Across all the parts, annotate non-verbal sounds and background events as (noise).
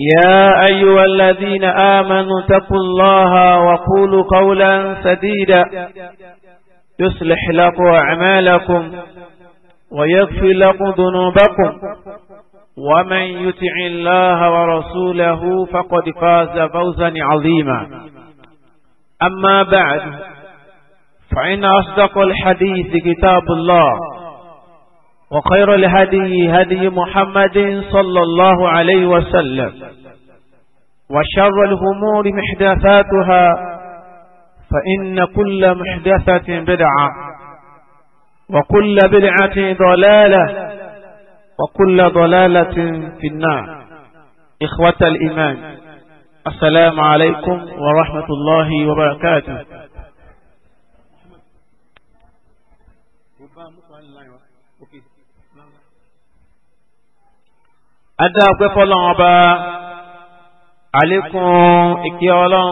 يا أيها الذين آمنوا اتقوا الله وقولوا قولا سديدا يصلح لكم أعمالكم ويغفر لكم ذنوبكم ومن يتع الله ورسوله فقد فاز فوزا عظيما أما بعد فإن أصدق الحديث كتاب الله وخير الهدي هدي محمد صلى الله عليه وسلم وشر الهمور محدثاتها فإن كل محدثة بدعة وكل بدعة ضلالة وكل ضلالة في النار إخوة الإيمان السلام عليكم ورحمة الله وبركاته adá ọpẹ́ fọ́lọ́run ọba àlékún ìkẹ́ Ọlọ́run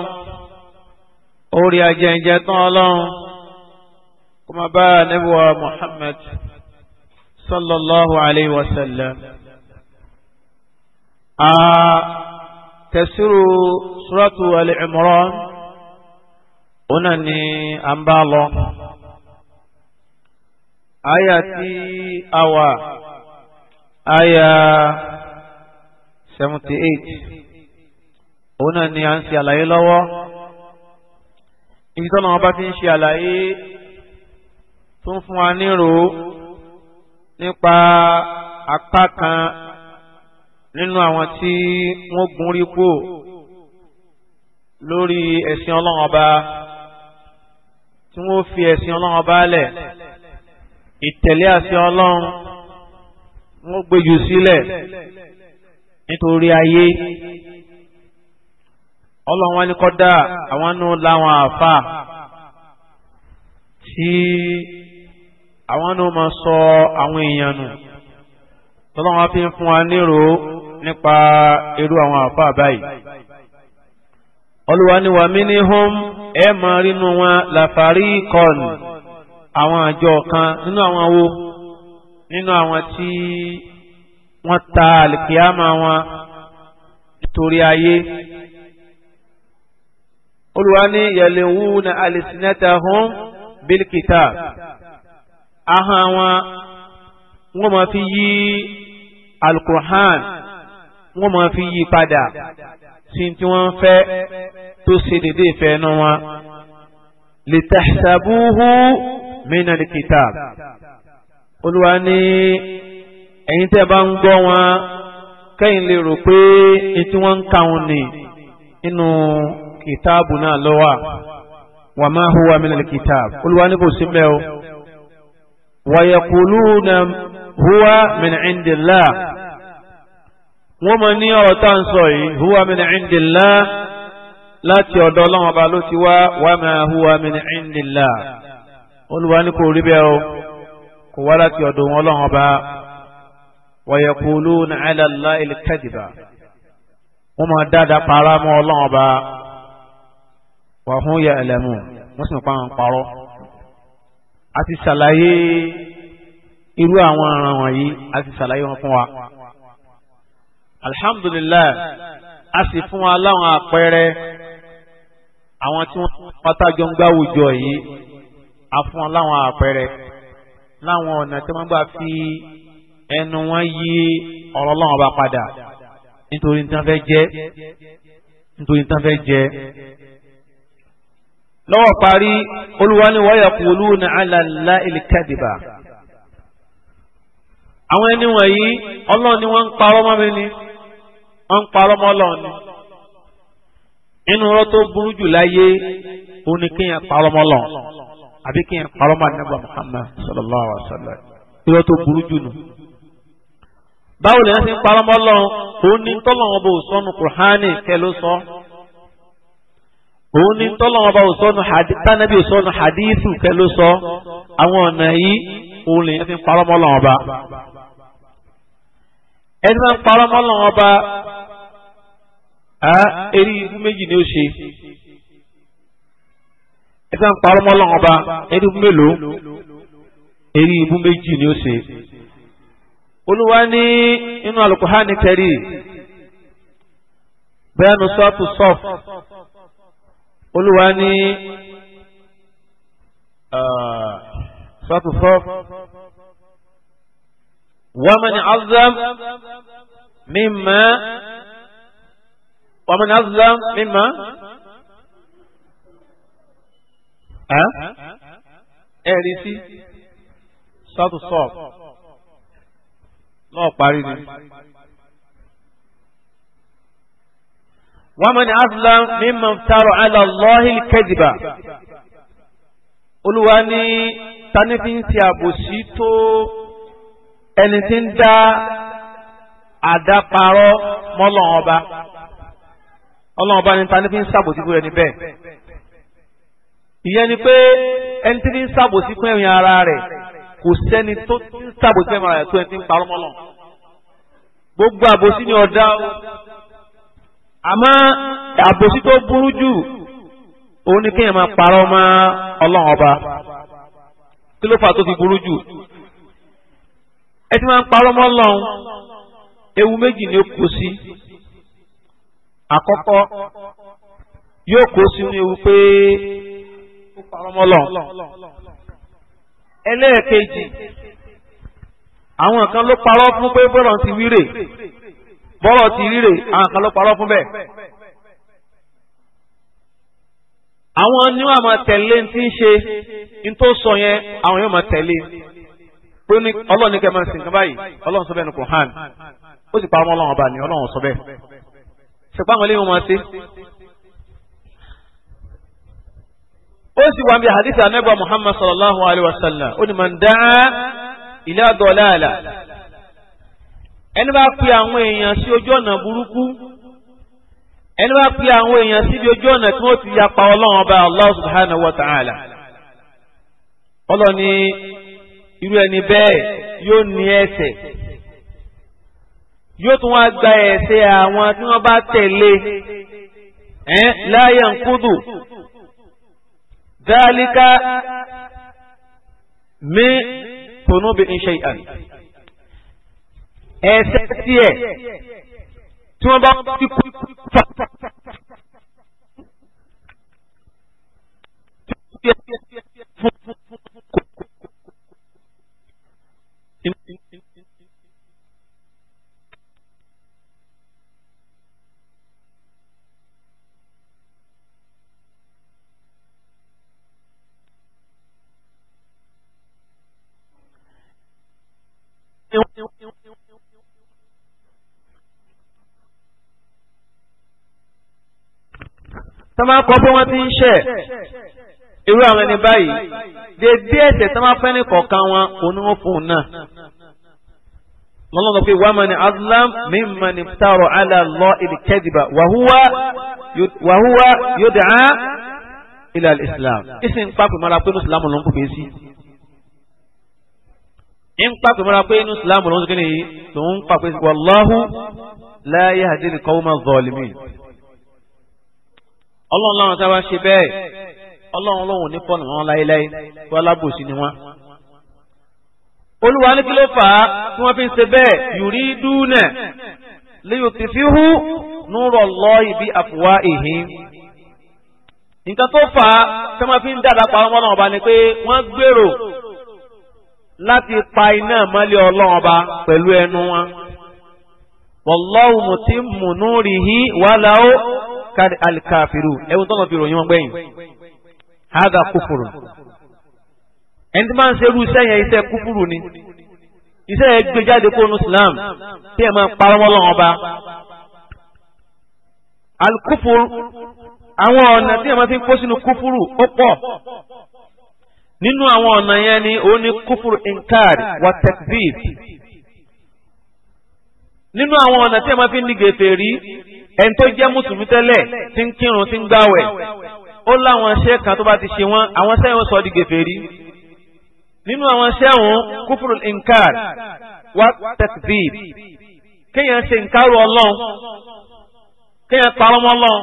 orí ajẹjẹ tán Ọlọ́run kó máa bá níbùwà Muhammad sallallahu alayhi wa sallam. a tẹ̀sírù suratu Al-Imran òun náà ni à ń bá 78. eight òun náà ni à ń ṣe àlàyé lọ́wọ́ ibi tọ́lọ́wọ́n bá ti ń ṣe àlàyé tó ń fún wa nírò nípa apá kan nínú àwọn tí wọ́n gun rí kú lórí ẹ̀sìn ọlọ́run ọba tí wọ́n fi ẹ̀sìn ọlọ́run ọba lẹ̀ ìtẹ̀lé àṣẹ ọlọ́run wọ́n gbé jù sílẹ̀ nítorí ayé ọlọ́run wa ní kọ́dà àwọn nù láwọn àfà tí àwọn nù máa sọ àwọn èèyàn nù tọ́lọ́run wa fi ń fún wa nírò nípa irú àwọn àfà báyìí olúwa ni ní hom ẹ máa rínú wọn làfàrí kọ́ọ̀nù àwọn àjọ kan nínú àwọn wo nínú àwọn tí wọ́n ta àlìkíyàmà wọn nítorí ayé olùwà ní yẹlẹ̀wù na àlìsínẹ́tà hàn bílíkìtà ahọ́n wọn wọ́n máa fi yí alukur'an wọ́n máa fi yí padà sí tí wọ́n fẹ́ tó ṣe dédé ìfẹ́ nu wọn lè tàṣàbùhù kìtà olùwà ẹ̀yin tẹ́ bá ń gbọ́ wọn kẹ́yìn lè rò pé etí wọ́n ń ka wọn nì nínú kìtáàbù náà lọ́wọ́ wa ma huwa minal kìtáàbù olúwa ní kò sí mbẹ́ o wa yaquluna huwa min indillah wọ́n mọ̀ ní ọ̀rọ̀ tá à ń sọ yìí huwa min indillah láti ọ̀dọ̀ ọlọ́run ọba ló ti wá wa ma huwa min indillah olúwa ní kò rí bẹ́ẹ̀ o kò wá láti ọ̀dọ̀ wọn ọba. ويقولون على الله الكذبة وما داد قرام الله با وهم يعلمون مسلم قام قرو àti ṣàlàyé irú àwọn ọ̀ràn wọ̀nyí àti ṣàlàyé wọn fún wa alhamdulillah a sì fún wa láwọn àpẹẹrẹ àwọn tí wọ́n pátájọ ń gbáwùjọ yìí a fún wa láwọn àpẹẹrẹ láwọn ọ̀nà tí wọ́n gbà fi ẹnu wọn yí ọ̀rọ̀ ọlọ́run ọba padà nítorí nǹkan fẹ́ jẹ́ nítorí nǹkan fẹ́ lọ́wọ́ parí ni olú ní alàlá ìlìkàdìbà àwọn ẹni wọ̀nyí ọlọ́run ni wọ́n ń parọ́ mọ́ mi ni wọ́n ń parọ́ mọ́ ọlọ́run ni tó burú jù láyé òun ni kéèyàn parọ́ mọ́ ọlọ́run àbí kéèyàn parọ́ mọ́ àdínàbọ̀ Muhammad sallallahu alaihi báwo lè ṣe ń parọ́ mọ́ lọ́run òun ní tọ́lọ́wọ́n bá òsọ́nù kùránì kẹ́ sọ òun ní tọ́lọ́wọ́n bá òsọ́nù tánàbí òsọ́nù hadithu kẹ́ sọ àwọn ọ̀nà yìí òun lè ṣe ń ọba ẹni máa ń ọba ah, eré ibú méjì ni ni ó ṣe. Oluwani inú alukuhani kẹrì bẹ́ẹ̀nu sọ́ọ̀tù sọ́ọ̀f olúwa ní sọ́ọ̀tù sọ́ọ̀f wàmẹ́ni azam mímọ́ wàmẹ́ni azam mímọ́ ẹ̀rí sof. sọ́ọ̀tù sof. náà parí ni. wa man al olúwa ní tanífi àbòsí tó ẹni tí ń dá àdáparọ́ ọba ní tanífi ń fún ẹni bẹ́ẹ̀ ìyẹn ni pé ẹni tí ń fún ẹ̀yìn ara rẹ̀. kò sẹ́ni tó ń sàbòsí ẹ̀mọ́ rẹ̀ tó ẹni tí ń parọ́ mọ́lọ́ gbogbo àbòsí ni ọ̀dá o àmọ́ àbòsí tó burú jù òun ni kéèyàn máa parọ́ mọ́ ọlọ́run ọba kí ló fà tó fi burú jù ẹ ti máa ń parọ́ mọ́ ọlọ́run ewu méjì ni ó kó sí àkọ́kọ́ yóò kó sínú ewu pé ó parọ́ mọ́ ọlọ́run. ẹlẹ́ẹ̀kejì àwọn kan ló parọ́ fún pé ti wíre bọ́rọ̀ ti ríre àwọn kan ló parọ́ fún bẹ́ẹ̀. àwọn ni wọn máa tẹ̀lé ti ń ṣe ní tó sọ yẹn àwọn yóò máa tẹ̀lé pé ọlọ́run ní kẹ́ máa sìn báyìí ọlọ́run sọ bẹ́ẹ̀ ni ọlọ́run sọ bẹ́ẹ̀ ṣùgbọ́n àwọn ó sì wà bí hadith anábà muhammad sallallahu alayhi wa sallam ó ní man da'a ila dalala ẹni bá pe àwọn èèyàn sí ojú ọ̀nà burúkú ẹni bá pe àwọn èèyàn síbi ojú ọ̀nà tí wọ́n ti yapa ọlọ́run ọba allah subhanahu wa ta'ala ọlọ́ni irú ẹni bẹ́ẹ̀ yóò ní ẹ̀ṣẹ̀ yóò tún wá gba ẹ̀ṣẹ̀ àwọn tí wọ́n bá tẹ̀lé ẹ̀ la yanqudu dálíkà mi kùnú bí n ṣe àn. ẹsẹ̀ tiẹ̀ tí wọ́n bá ti kú fà. Fún fún fún kò kò kò kò kò. tọ́ máa kọ́ pé wọ́n ti ń ṣẹ̀ irú àwọn ẹni báyìí dédé ẹ̀ṣẹ̀ tọ́ máa fẹ́ ní kọ̀ọ̀kan wọn kò ní wọ́n fún un náà lọ́lọ́dọ̀ pé wàá mọ̀ ní azlam mímọ̀ ní tààrọ̀ ala Allahi al wàhúwà yóò dẹ̀ á ila al-islam ìsìn pápẹ́ mọ́ra pé mùsùlùmí ló ń kó fèé sí ń pàpẹ mọ́ra pé inú ìsìláàmù ló ń sọkẹ́ nìyí tó ń pàpẹ sí wàláhù la yahdil qawma zalimin. ọlọ́run láwọn sábà ṣe bẹ́ẹ̀ ọlọ́run lóhùn ní fọ́ọ̀nù wọn láéláé kó alábòsí ni wọn. olúwa ní kí ló fà á tí wọ́n fi ń ṣe bẹ́ẹ̀ yuriduna liyutfihu nurallahi bi afwahihim nǹkan tó fà á tí wọ́n fi ń dàdà pa ọmọ náà láti pa iná mọ́lẹ̀ ọlọ́run ọba pẹ̀lú ẹnu wọn. wallahu mutimmu nurihi walau alkafiru ẹ̀wọ̀n tọ́nà fi ròyìn wọn gbẹ̀yìn. hadha kúfùrù. ẹni tí máa ń ṣe irú iṣẹ́ yẹn ni. iṣẹ́ yẹn gbé jáde kó nu islam tí ọba. alkúfùrù àwọn ọ̀nà tí ẹ̀ máa fi kó nínú àwọn ọ̀nà yẹn ni ó ní kúfùrù inkar wa takdhib nínú àwọn ọ̀nà tí a máa fi ń di gèfè rí ẹni tó jẹ́ mùsùlùmí tẹ́lẹ̀ tí ń kírun tí ń gbàwẹ̀ ó láwọn iṣẹ́ kan tó bá ti ṣe wọ́n àwọn iṣẹ́ yẹn ó di gèfè rí nínú àwọn iṣẹ́ òun kúfùrù inkar wa takdhib kéèyàn ṣe nǹkan rú ọlọ́run kéèyàn parọ́ mọ́ ọlọ́run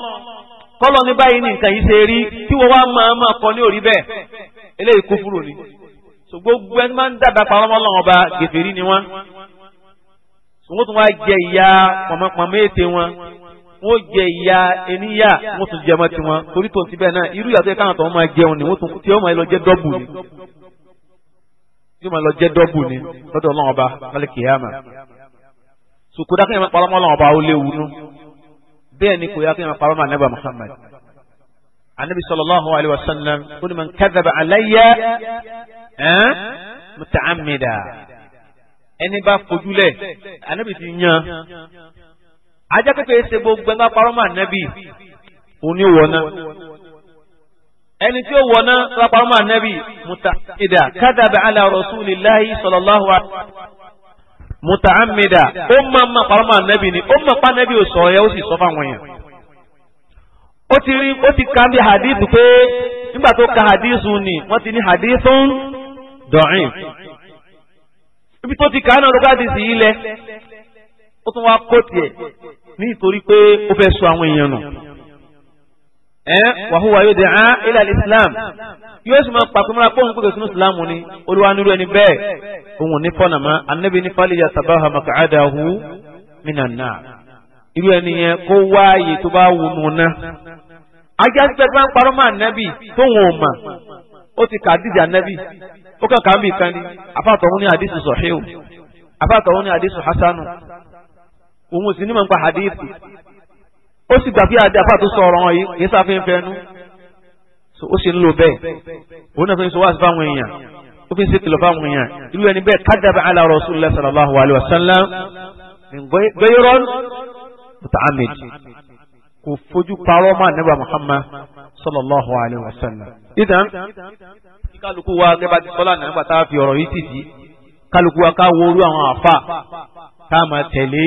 kọ́lọ́ ní báyìí ní nǹkan yìí ṣe rí tí wọ́n wá máa máa kọ ní òrí bẹ́ẹ̀ eléyìí kúfúrú ni so gbogbo ẹni máa ń dábàá pa ọmọ ọlọ́run ọba gèfèrí ni wọ́n wọ́n tún wá jẹ ìyá pọ̀mọ́pọ̀mọ́ ète wọn wọ́n jẹ ìyá eníyà wọ́n tún jẹ ọmọ tiwọn torí tó ń ti bẹ́ẹ̀ náà irú ìyàtọ̀ yẹ káwọn tó máa jẹun ni wọ́n tún tí ó máa lọ jẹ dọ́bù ni tí ó máa lọ jẹ dọ́bù ni lọ́dọ̀ ọlọ́run ọba lálẹ́ kìyàmà so kò dákẹ́ yẹn máa parọ́ mọ́ ọlọ́run ọba ó léwu nú bẹ́ẹ̀ ni kò yá kí yẹn máa parọ́ mọ́ anábà Muhammad anabi sallallahu alayhi wa sallam ó ní man kadhaba alayya ẹn mutaamida ẹni bá fojúlẹ̀ anabi ti yan ajá pépé ṣe gbogbo ẹgbẹ́ parọ́ mọ́ anabi òní wọ̀nà ẹni tí ó wọ̀nà lápárọ́ mọ́ anabi mutaamida kadhaba ala rasulillahi sallallahu alayhi wa sallam mutaamida ó máa ma parọ́ anabi ni ó máa pa anabi ò sọ ọ́ yẹ ó sì sọ fáwọn yẹn ó ti rí ó ti ka bí hadithu pé nígbà tó ka hadithu ni wọ́n ti ní hadithun dọ̀rin ibi tó ti ka náà ló bá di sí ilẹ̀ ó tún wá kó tiẹ̀ nítorí pé ó fẹ́ sọ àwọn èèyàn nù ẹn wàhùwà yóò dé án ilẹ̀ islam yóò sì máa pàpẹ́ mọ́ra pọ́ùn pẹ̀lú sínú islam ni olúwa nírú ẹni bẹ́ẹ̀ òun ní fọ́nàmọ́ anábì ní fàlìyà sábàá màkà àdàhù mìnàná irú ẹni yẹn kó wáàyè tó bá wù mọ́ náà ajásígbẹ́ tí wọ́n ń parọ́ mọ́ ànábì tóun ò mà ó ti kà àdìsí ànábì ó kàn kàmí kan ní afáàtọ̀ òun ní àdìsí sọ̀híù afáàtọ̀ òun ní àdìsí hasanu òun sì ní mọ̀ nípa àdìsí ó sì gbà pé àdé afáàtọ̀ sọ̀rọ̀ wọn yìí kì í sáfẹ́ fẹ́nu ó sì ń lò bẹ́ẹ̀ òun náà fi sọ wáàsí fáwọn èèyàn ó fi ń ṣèkìlọ̀ fáwọn èèyàn irú ẹni bẹ́ẹ̀ kádàbà ala rasulillah sallallahu alayhi wa kò fojú parọ́ máa nígbà Muhammad sallallahu alayhi wa sallam. ìtàn kálukú wa gẹ́gẹ́ bá ti sọ́lá náà nígbà tá a fi ọ̀rọ̀ yìí tìtì kálukú wa ká wo orú àwọn àfà tá a máa tẹ̀lé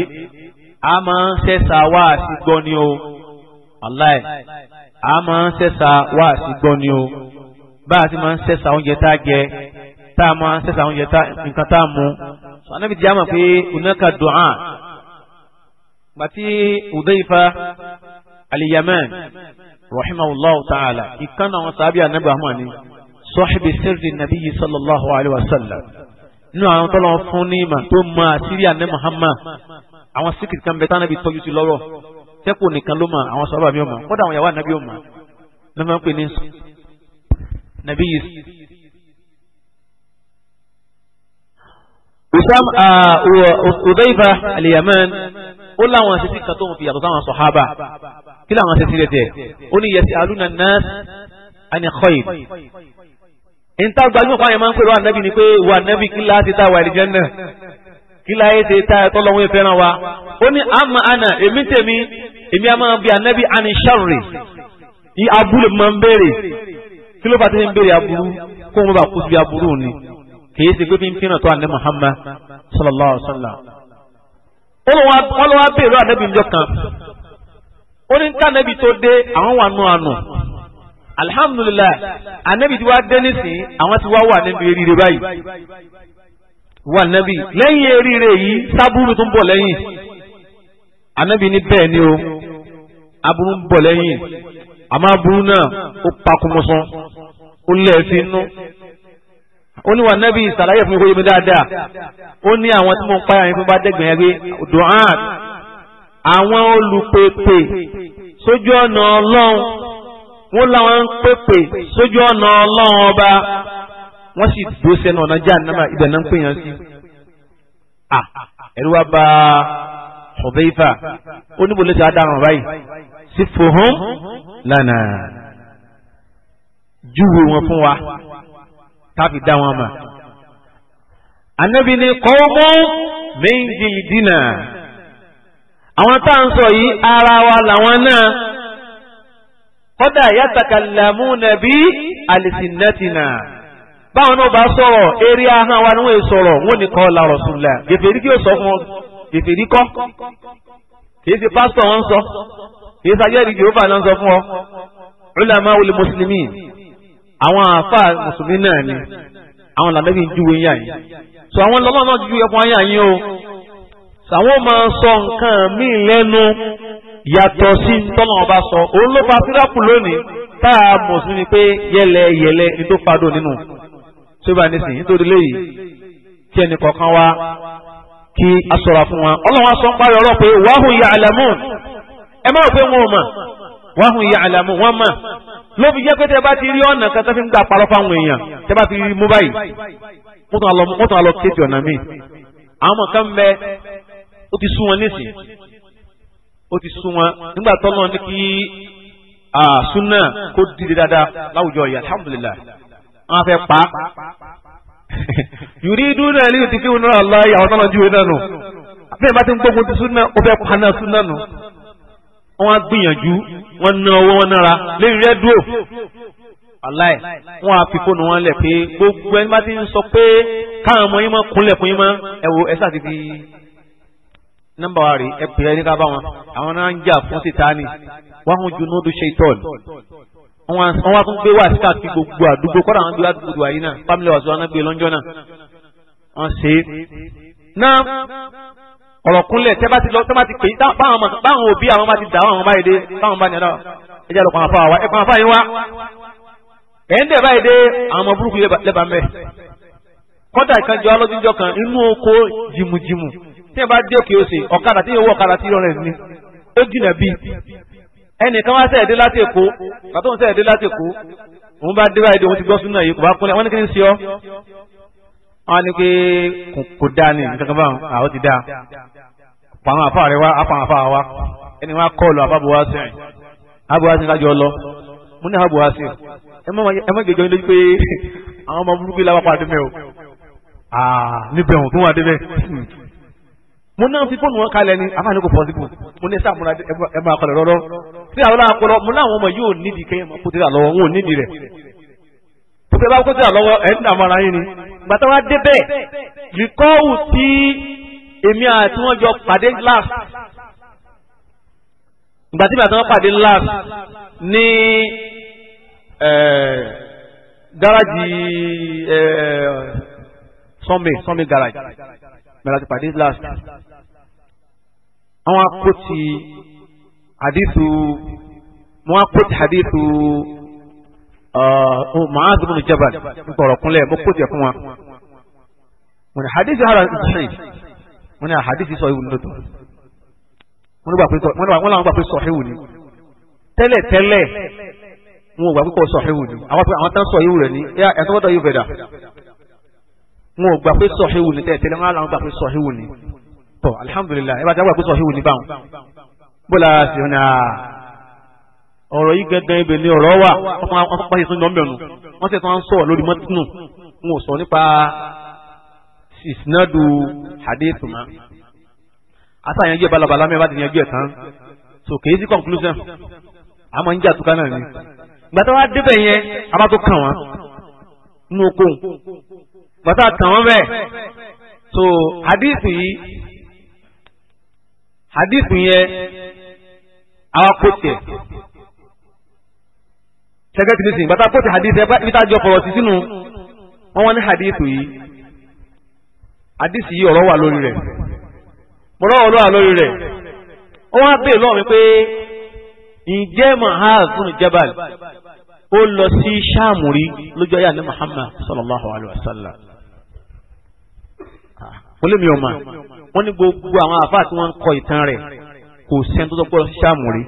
a máa ń sẹ́sà wá àti gbọ́ ni o aláì a máa ń sẹ́sà wá àti gbọ́ ni o bá a ti máa ń sẹ́sà oúnjẹ tá a jẹ tá a máa ń sẹ́sà oúnjẹ nǹkan tá a mú sànẹ́bí jẹ́ pé onáka dùn án gbàtí Udayfa aliyaman rahimahullahu ta'ala ìkan àwọn sábẹ́ anabi ahmad ni sọ́hìbì sirri nabiyyi sallallahu alayhi wa sallam nínú àwọn tọ́lọ́ fún ní ìmọ̀ tó mọ àṣírí anabi muhammad àwọn síkìtì kan bẹ tánàbí tọ́jú sí lọ́rọ̀ tẹ́kù nìkan ló mọ àwọn sábà mi ò mọ kódà àwọn ìyàwó anabi ò mọ lọ́mọ pé ní nabiyyi Usam Udayba Aliyaman ó láwọn àṣìṣe kan tó ń fi yàtọ̀ sáwọn sọ̀hábà kí làwọn ṣe sílẹ̀ tiẹ̀ ó ní yẹsi aluna nas ani khoyi nta gbajúmọ̀ fún àyẹ̀mọ́ máa ń pè wá nẹ́bí ni pé wà nẹ́bí kí láti ta wà ìdíjẹ́ náà kí láyé ṣe ta ẹ̀tọ́ lọ́wọ́ ìfẹ́ náà wa ó ní àmà àna èmi tèmi èmi àmà bíi ànẹ́bí àni sharri ní abúlé máa ń béèrè kí ló bá ti aburú kó wọn bá kú síbi aburú ni kìí ṣe pé fi ń tó ànẹ́ Muhammad sallallahu alaihi wa sallam. ó lọ́wọ́ béèrè ànẹ́bí ìjọ kan ó ní kánẹ́bì tó dé àwọn wà nù ànù alihamudulilayi anabi ti wá dé nísìnyí àwọn ti wá wà níbi eríire báyìí wà nábì lẹ́yìn eríire yìí sábúrú tó ń bọ̀ lẹ́yìn anabi ní bẹ́ẹ̀ ni o aburú ń bọ̀ lẹ́yìn àmọ́ aburú náà ó pakumusan ó lẹ́ẹ̀fín nú ó ní wa nabi sàlàyé fún mi kó yé mi dáadáa ó ní àwọn tí mo ń pààyàn yín fún bá dẹ́gbẹ̀ẹ́ gbé dùn án àwọn olùpèpè sójú ọ̀nà ọlọ́run wọ́n láwọn ń pèpè sójú ọ̀nà ọlọ́run ọba wọ́n sì dó sẹ́nu ọ̀nà jahannama ibẹ̀ náà ń pè yàn sí. ẹ̀rú wa bá Hudhayfa ó níbo ló ti á dáhùn báyìí sí fòhún lánàá júwe wọn fún wa tábì dá wọn mà. Anabini ni qawmun min àwọn tá à ń sọ yìí ara wa làwọn náà kọ́dà yatakalamuna bi alsinatina báwọn náà bá sọ̀rọ̀ eré ahọ́n wa ni wọ́n sọ̀rọ̀ wọ́n ní kọ́ la Rasulullah gèfèrí kí ó sọ fún ọ gèfèrí kọ́ kìí ṣe pásítọ̀ wọn sọ kìí ṣàjẹ́rì Jèhófà náà sọ fún ọ ulama wuli mùsùlùmí àwọn àfa mùsùlùmí náà ni àwọn làbẹ́bí ń júwe yàn yìí so àwọn lọ́lọ́ náà júwe fún ayé yàn sàwọn máa sọ nǹkan míì lẹ́nu yàtọ̀ sí tọ́nà ọba sọ òun ló fa sírápù lónìí tá a mọ̀ sí ni pé yẹlẹ yẹlẹ ni tó padò nínú tó bá ní sìn nítorí léyìí tí ẹnì kọ̀ọ̀kan wá kí a sọ̀rọ̀ fún wa ọlọ́run aṣọ ń parí ọ̀rọ̀ pé wàhùn ya'lamun ẹ má rò pé wọn ò mà wàhùn ya'lamun wọn mà ló fi jẹ́ pé tẹ́ bá ti rí ọ̀nà kan tó fi ń gbà parọ́ fáwọn èèyàn tẹ́ bá ti rí mú báyìí wọ́n tún lọ kéjì ọ̀nà míì àwọn kan bẹ ó ti sún wọn nísìn ó ti sún wọn nígbà tó lọ́n ní kí sunna kó dìde dáadáa láwùjọ yìí alhamdulilah wọn fẹ́ pa (laughs) yuriduna li yutfi'u nura Allah àwọn tó lọ́n ju iná nù bẹ́ẹ̀ bá ti ń gbógun ti sunna ó fẹ́ pa náà sunna nù wọn á gbìyànjú wọn ná owó wọn nára lórí rẹ́díò aláì wọn á fi fóònù wọn lẹ̀ pé gbogbo ẹni bá ti ń sọ pé káwọn ọmọ yín mọ́ kúnlẹ̀ fún yín mọ́ ẹ̀wò ẹ̀sà ti fi nọ́mbà wa rè é pè é ní ká bá wọn àwọn náà ń jà fún sitani wọn kún junudu shaitan wọn wá tún gbé wá sí káàkiri gbogbo àdúgbò kọ́ra àwọn gbé àdúgbò àyè náà family wa sọ wọn gbé lọ́njọ́ náà wọn ṣe é náà ọ̀rọ̀ kúnlẹ̀ tẹ́ bá ti lọ tẹ́ bá ti pè é báwọn òbí àwọn bá ti dà àwọn báyìí dé báwọn bá ní ọ̀dọ́ ẹ jẹ́ lọ́kàn àfa wa ẹ kàn àfa yín wá ẹ̀ ń dẹ̀ báyìí dé àwọn ọmọ burúkú lẹ́bàá mẹ́ kọ́dà ìkànjọ́ alọ́dúnjọ́ kan inú oko jìmùjìmù tí ẹ bá dé òkè òsè ọ̀kadà tí yóò wọ ọ̀kadà tí yóò rẹ̀ ní ó jìnà bíi ẹnìkan wá sẹ̀ dé láti èkó bàtà òun sẹ̀ dé láti èkó òun bá dé báyìí òun ti gbọ́ súnà yìí kò bá kúnlẹ̀ wọ́n ní kí ni sí ọ́ wọ́n ní pé kò dáa ní nǹkan kan báwọn àwọn ti dáa pa àfa rẹ wá àfa àfa wa ẹni wá kọ́ọ̀lù àbábọ̀wá sẹ́yìn àbọ̀wá sẹ́yìn kájọ lọ mo ní àbọ̀wá sẹ́yìn ẹ má gbẹjọ lójú pé àwọn ọmọ burúkú làwọn padà dé mẹ́ o níbẹ̀ òun tó wà dé bẹ́ẹ̀ mo náà fi fóònù wọn kalẹ̀ ni àbá ní kò pọ́sibú mo ní sáà ẹ máa kọlẹ̀ lọ́rọ́ sí àwọn akọlọ mo láwọn ọmọ yóò nídìí kẹ́yìn máa kó tẹ́lẹ̀ lọ́wọ́ wọn ò nídìí rẹ̀ tó fẹ́ bá kó tẹ́lẹ̀ lọ́wọ́ ẹ̀ ń dààmú ara yín ni gbàtà wa dé bẹ́ẹ̀ rìkọ́ọ̀wù tí èmi àti wọn jọ pàdé last gbàtí mi àti wọn pàdé last ní gáràjì sọ́mi sọ́mi gáràjì mẹ́ta ti pàdé last àwọn akóti hadithu wọn akóti hadithu uh, um, Mu'adh bin Jabal nkọ̀rọ̀ kúnlẹ̀ mo kóti ẹ̀ fún wa wọn ni hadithu hàrà ṣe wọn ni hadithu sọ ìwúni lọ́tọ̀ wọn làwọn gbà pé sọ̀híwù ni tẹ́lẹ̀ tẹ́lẹ̀ wọn ò gbà pé kò sọ̀híwù ni àwọn tán sọ ìwú rẹ̀ ni ẹ̀sán gbọ́dọ̀ yóò bẹ̀dà wọn ò gbà pé sọ̀híwù ni tẹ́lẹ̀ tẹ́lẹ̀ wọn làwọn gbà pé sọ̀híwù ni tọ alihamudulilayi ẹ bá dáwọ́ àkóso ọ̀hìn wò ní báwọn bọ́lá sí ọ̀nà ọ̀rọ̀ yìí gẹ́gẹ́ ibẹ̀ ni ọ̀rọ̀ wà wọ́n pa ìsúnjọ́ mẹ́nu wọ́n sì tún ń sọ̀rọ̀ lórí mọ́tínù ń sọ nípa ìsinádù hadithuma àtàyànjú ẹ̀ balabala mẹ́rin bá ti yanjú ẹ̀ tán so kèé sí conclusion àmọ́ ń jà tuka náà ni gbàtà wa débẹ̀ yẹn a bá tó kàn wọ́n nínú okòwò gbàtà kàn wọ́n bẹ́ẹ̀ so hadith yìí hadith yẹn awa kote sẹgẹtì ní sìn kote hadith yẹn níta jọ fọwọ́ sí sínú wọn wọn ní hadith yìí hadith yìí ọ̀rọ̀ wà lórí rẹ̀ mọ̀rọ̀ ọ̀rọ̀ wà lórí rẹ̀ wọ́n wá bèè lọ́wọ́ mi pé ǹjẹ́ mahal fún jabal ó lọ sí sáàmù lójú ayé àná Muhammad sallallahu alayhi wa sallam wọ́n lé mi ọ̀ma wọ́n ní gbogbo àwọn àfáà tí wọ́n ń kọ ìtàn rẹ̀ kò sẹ́ni tó tọ́pọ̀ ṣáàmù rí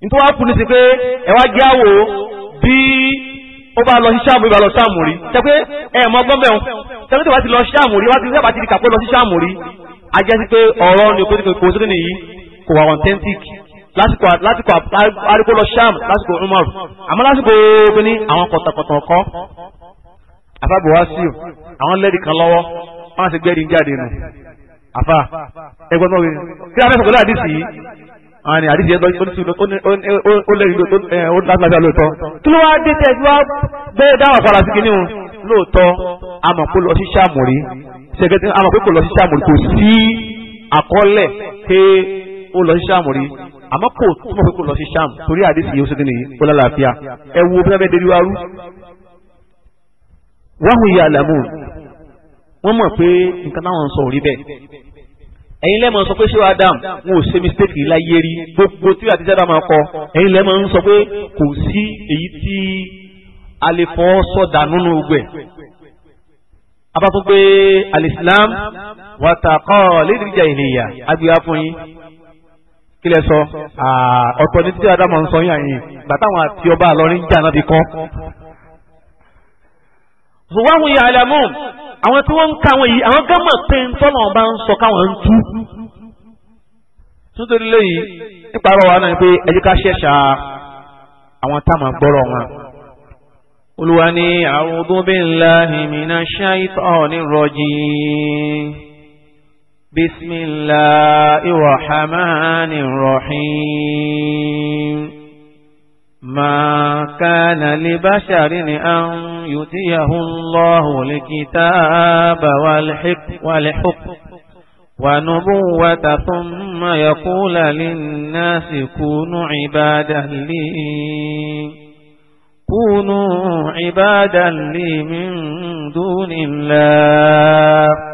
nítorí wàá kú ní sí pé ẹ wá jẹ́ àwò bí ó bá lọ sí ṣáàmù rí bá lọ ṣáàmù rí ṣe pé ẹ mọ gbọ́n bẹ́ẹ̀ sẹ́ni tó bá ti lọ ṣáàmù rí wá ti sábà ti di kàpé lọ sí ṣáàmù rí a sí pé ọ̀rọ̀ ni kò kò sókè nìyí kò wà authentic lásìkò lásìkò àríkò lọ ṣáàmù lásìkò Umar àmọ́ lásìkò pé ní àwọn kọ̀tàkọ̀tà ọkọ afábọ̀wá sí àwọn lẹ́ẹ̀dì kan lọ́wọ́ wọ́n ti gbẹ́rin jáde nù àfa ẹgbọ́n náà wí kí abẹ́sọ̀ pẹ̀lú àdìsí yìí àwọn àdìsí ẹgbẹ́ ó lẹ́yìn ó lágbàdá lóòótọ́ kí ló wá dé tẹ̀ wá gbé dáhùn padà sí kinní lóòótọ́ àmọ̀ pé lọ sí sàmùrí sẹ́gẹ́tì àmọ̀ pé kò lọ sí sàmùrí kò sí àkọọ́lẹ̀ pé ó lọ sí sàmùrí àmọ́ kò túmọ̀ pé kò lọ sí sàmù torí àdìsí yìí ó sẹ́gẹ́tì yìí ó lálàáfíà ẹ wo bí wọ́n fẹ́ wọ́n mọ̀ pé nǹkan táwọn ń sọ ò rí bẹ́ẹ̀ ẹ̀yin lẹ́mọ̀ sọ pé ṣé adam wọn ò ṣe mistake yìí láyé rí gbogbo tí àti sẹ́dá máa kọ ẹ̀yin lẹ́mọ̀ ń sọ pé kò sí èyí tí a lè fọ́ sọ̀dà nínú ogbẹ̀ abáfún pé alislam wàtàkọ́ lédìjà ìnìyà agbègbè fún yín kí lẹ sọ ọ̀tọ̀ ní tí adam ń sọ yín àyìn gbàtàwọn àti ọba àlọ́rin jà náà ti kọ́. ṣùgbọ́n àwọn ìyá àlẹ́ mú àwọn tí wọ́n ń ka àwọn yìí àwọn gámà pé ń tọ́nà bá ń sọ káwọn ń tú. nítorí lẹ́yìn nípa ọ̀rọ̀ wa náà pé ẹjẹ́ ká ṣẹ̀ṣà àwọn táwọn gbọ́rọ̀ wọn. olúwa ní a'udhu billahi minash shaitanir rajim bismillahir rahmanir rahim. ما كان لبشر أن يتيه الله الكتاب والحق والحق ونبوة ثم يقول للناس كونوا عبادا لي كونوا عبادا لي من دون الله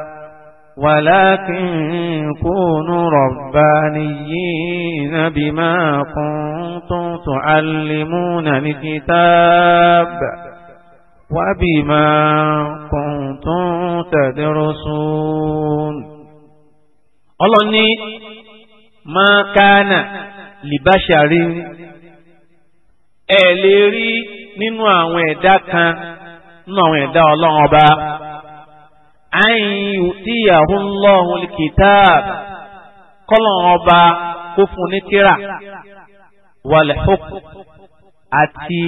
ولكن كونوا ربانيين بما كنتم تعلمون الكتاب وبما كنتم تدرسون الله ني ما كان لبشر ẹ lè rí nínú àwọn ẹ̀dá kan nínú àwọn ẹ̀dá ọlọ́run ọba àyìn tí yàhùn lọ́hùn kìtáàbù kọ́lọ̀n ọba kó fún ní tíra wàlẹ̀hùk àti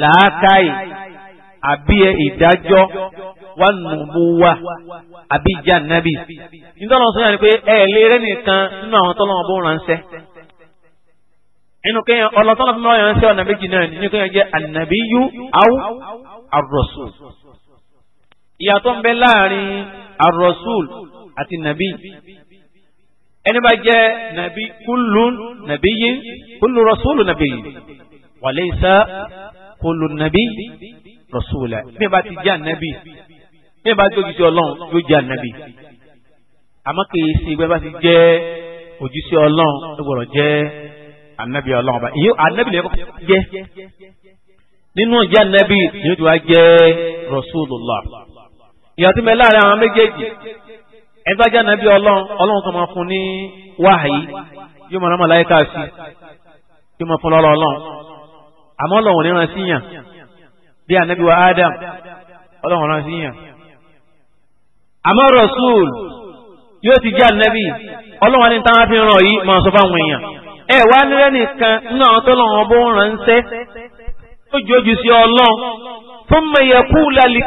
làákàyè àbí ìdájọ́ wà nùbúwà àbí ìjà nábì. nítorí sọ́yà ni pé ẹ̀ẹ́lẹ́rẹ́ nìkan nínú àwọn tọ́lọ́wọ́n bó ránṣẹ́ inú kéèyàn ọlọ́tọ́lọ́ fún mi wáyà ránṣẹ́ ọ̀nà méjì náà nínú kéèyàn jẹ́ ànàbíyú aw ar-rasul ìyàtọ̀ ń bẹ láàrin ar-rasul àti nàbí ẹni bá jẹ́ nàbí kullu nabiyyin kullu rasulun nabiyyin wa laysa kullu nabiyyin rasulan bí ẹ bá ti jẹ́ ànábì bí ẹ bá jẹ́ òjíṣẹ́ ọlọ́run yóò jẹ́ ànábì àmọ́ kìí sí ìgbẹ́ bá ti jẹ́ òjíṣẹ́ ọlọ́run ló gbọ́dọ̀ jẹ́ ànábì ọlọ́run ọba ìyẹn ànábì lè kọ́kọ́ jẹ́ nínú ìjẹ́ ànábì ìyẹn tó wá jẹ́ rasulullah ìyàtí mẹ láàrin àwọn méjèèjì ẹgbẹ́jà nàbí ọlọ́run ọlọ́run kan máa fún ní wáhàyí yóò máa rámọ̀ láyé káàsì yóò máa fún lọ́rọ̀ ọlọ́run àmọ́ ọlọ́run ní ran síyàn bí ànábì wa Adam ọlọ́run ran síyàn àmọ́ Rasul yóò ti jẹ́ ànábì ọlọ́run ní táwọn fi ràn yìí máa sọ fáwọn èèyàn ẹ wá nílẹ̀ nìkan náà tó lọ́wọ́ bó ń ránṣẹ́ tó jójú sí ọlọ́run fún mẹ́yẹkú lálẹ́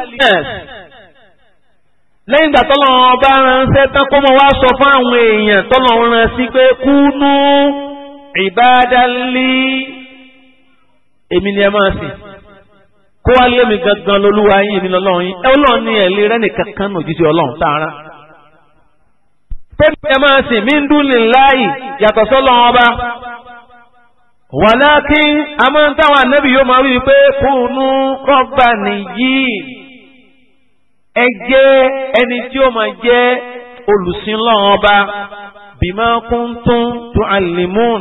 lẹ́yìn ìgbà tọ́lọ́run bá ránṣẹ́ tán kó mọ́ wá sọ fún àwọn èèyàn tọ́lọ́run rán sí pé kúnú ìbádálí èmi ni ẹ máa sìn kó wá lé mi gangan lolúwa yín èmi lọ́lọ́run yín ọlọ́run ni ẹ̀ lè rẹ́nì kankan nù jíjẹ ọlọ́run tààrà. tẹ́lẹ̀ ẹ máa sìn mí ń dún lè láàyè yàtọ̀ sọ́lọ́run ọba wàlákín àmọ́ táwọn ànábì yóò máa rí pé kúnú rọ́bà nìyí ẹ jẹ́ ẹni tí ó máa jẹ́ olùsìnlọ́wọ́n ọba bímọ kúntún tó àlìmún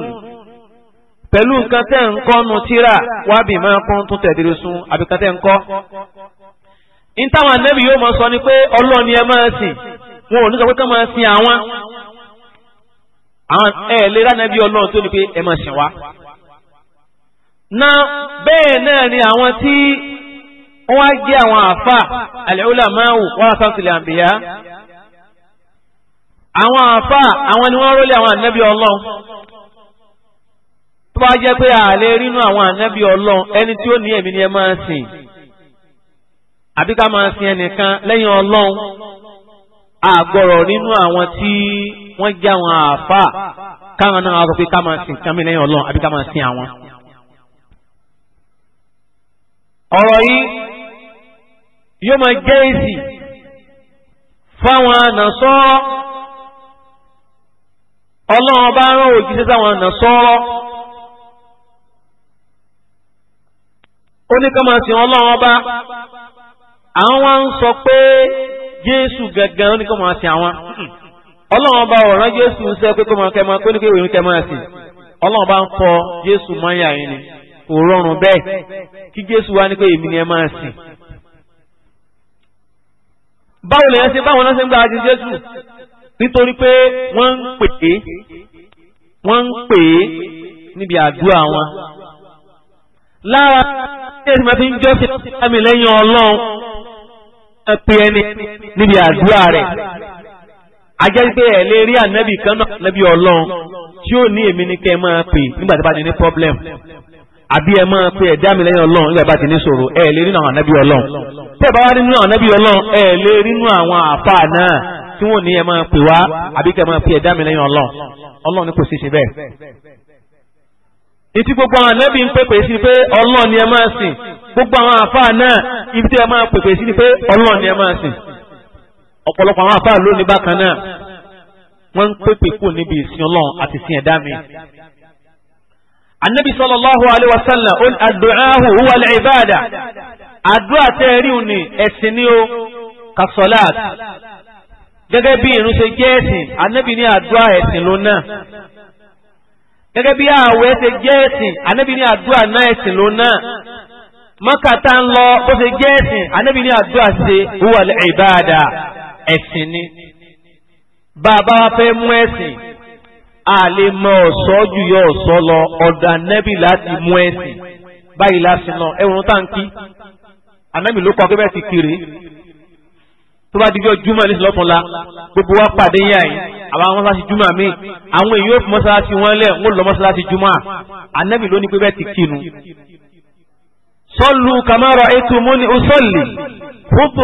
pẹ̀lú nǹkan tẹ́ ń kọ́ nu tíra wá bímọ kúntún tẹ̀dẹ̀rẹ̀ sun àbíkan tẹ́ ń kọ́. ní táwọn anẹ́bí yóò máa sọ ni pé ọlọ́ọ̀ni ẹ máa sìn wọn ò ní sọ pé ká máa sin àwọn àwọn ẹ lè ránàbí ọlọ́run tó ní pé ẹ máa sìn wá. na bẹ́ẹ̀ náà ni àwọn tí wọ́n wá jẹ́ àwọn àfà al-ulamau warasatul anbiya àwọn àfà àwọn ni wọ́n rólé àwọn ànábì ọlọ́run tó bá jẹ́ pé àlè rínú àwọn ànábì ọlọ́run ẹni tí ó ní ẹ̀mí ni ẹ máa sìn àbí ká máa sin ẹnìkan lẹ́yìn ọlọ́run àgbọ̀rọ̀ nínú àwọn tí wọ́n jẹ́ àwọn àfà káwọn náà sọ pé ká máa sin kàmí lẹ́yìn ọlọ́run àbí ká máa sin àwọn. ọ̀rọ̀ yìí yóò ma jẹ́ èsì fáwọn nàṣọ́rọ́ na bá rán òjíṣẹ́ sáwọn nàṣọ́rọ́ ó ní ká ọba àwọn wa ń sọ pé jésù gangan ó ní ká máa àwọn ọlọ́run ọba ọ̀ràn jésù ń sẹ́ pé kó máa kẹ́mọ́ kó ní kí ìròyìn kẹ́mọ́ sí ọlọ́run bá ń fọ jésù yín ni kò rọrùn bẹ́ẹ̀ kí jésù wá ní pé èmi ni ẹ báwo lèyàn ṣe báwọn náà ṣe ń gba àjẹ jésù nítorí pé wọ́n ń pè é wọ́n ń pè é níbi àdúrà wọn. lára ṣé ẹni máa fi ń jọ́sìn àmì lẹ́yìn ọlọ́run ẹ pé ẹni níbi àdúrà rẹ̀ ajẹ́ pé ẹ̀ lè rí ànábì kan náà ànábì ọlọ́run tí ó ní èmi ní kẹ́ ẹ máa pè nígbà tí bá ní ní problem àbí ẹ máa pe ẹ̀dá mi lẹ́yìn ọlọ́run nígbà bá ti ní sọ̀rọ̀ ẹ lè nínú àwọn ànábì ọlọ́run tẹ́ ẹ bá wá nínú àwọn ànábì ọlọ́run ẹ lè nínú àwọn àfa náà tí wọ́n ní ẹ máa pè wá àbí kẹ́ máa pe ẹ̀dá mi lẹ́yìn ọlọ́run ọlọ́run ni kò sì ṣe bẹ́ẹ̀. etí gbogbo àwọn ànábì ń pèpè sí pé ọlọ́run ni ẹ máa sìn gbogbo àwọn àfa náà ibi tí ẹ máa pèpè sí pé ọlọ́run ni ẹ máa sìn ọ̀pọ̀lọpọ̀ àwọn àfa lónìí bákan náà wọ́n ń pèpè kù níbi ìsìn ọlọ́run àti ìsìn ẹ̀dá mi النبي صلى الله عليه وسلم ó الدعاء هو العبادة al-ibada àdúrà tẹ́ẹ̀ríhùn ni ẹ̀sìn ni ó kasolat gẹ́gẹ́ bí irun ṣe jẹ́ ẹ̀sìn anabi ní àdúrà ẹ̀sìn ló náà gẹ́gẹ́ bí ààwẹ̀ ṣe jẹ́ ẹ̀sìn anabi ní àdúrà náà ẹ̀sìn ló mọ́kàtà ń lọ bó ṣe jẹ́ ẹ̀sìn anabi ní àdúrà ṣe huwa al ẹ̀sìn ni bàbá wa fẹ́ mú ẹ̀sìn a lè mọ ọ̀sọ́ jù yọ ọ̀sọ́ lọ ọ̀dọ̀ anẹ́bì láti mú ẹ̀sìn báyìí láti nà ẹ̀rùn tá n kí anẹ́bì ló kọ́ kí bẹ́ẹ̀ ti kiri tó bá dijọ́ júmọ̀ ní ìsìlọ́tún la gbogbo wa pàdé yà yín àwọn mọ́sálásí júmọ̀ mi àwọn èyí ó fi mọ́sálásí wọn lẹ̀ ń lọ mọ́sálásí júmọ̀ anẹ́bì ló ní pé bẹ́ẹ̀ ti kinu. sọ́lù kàmáàrọ̀ ètò mú ó sọ́lì fúnpù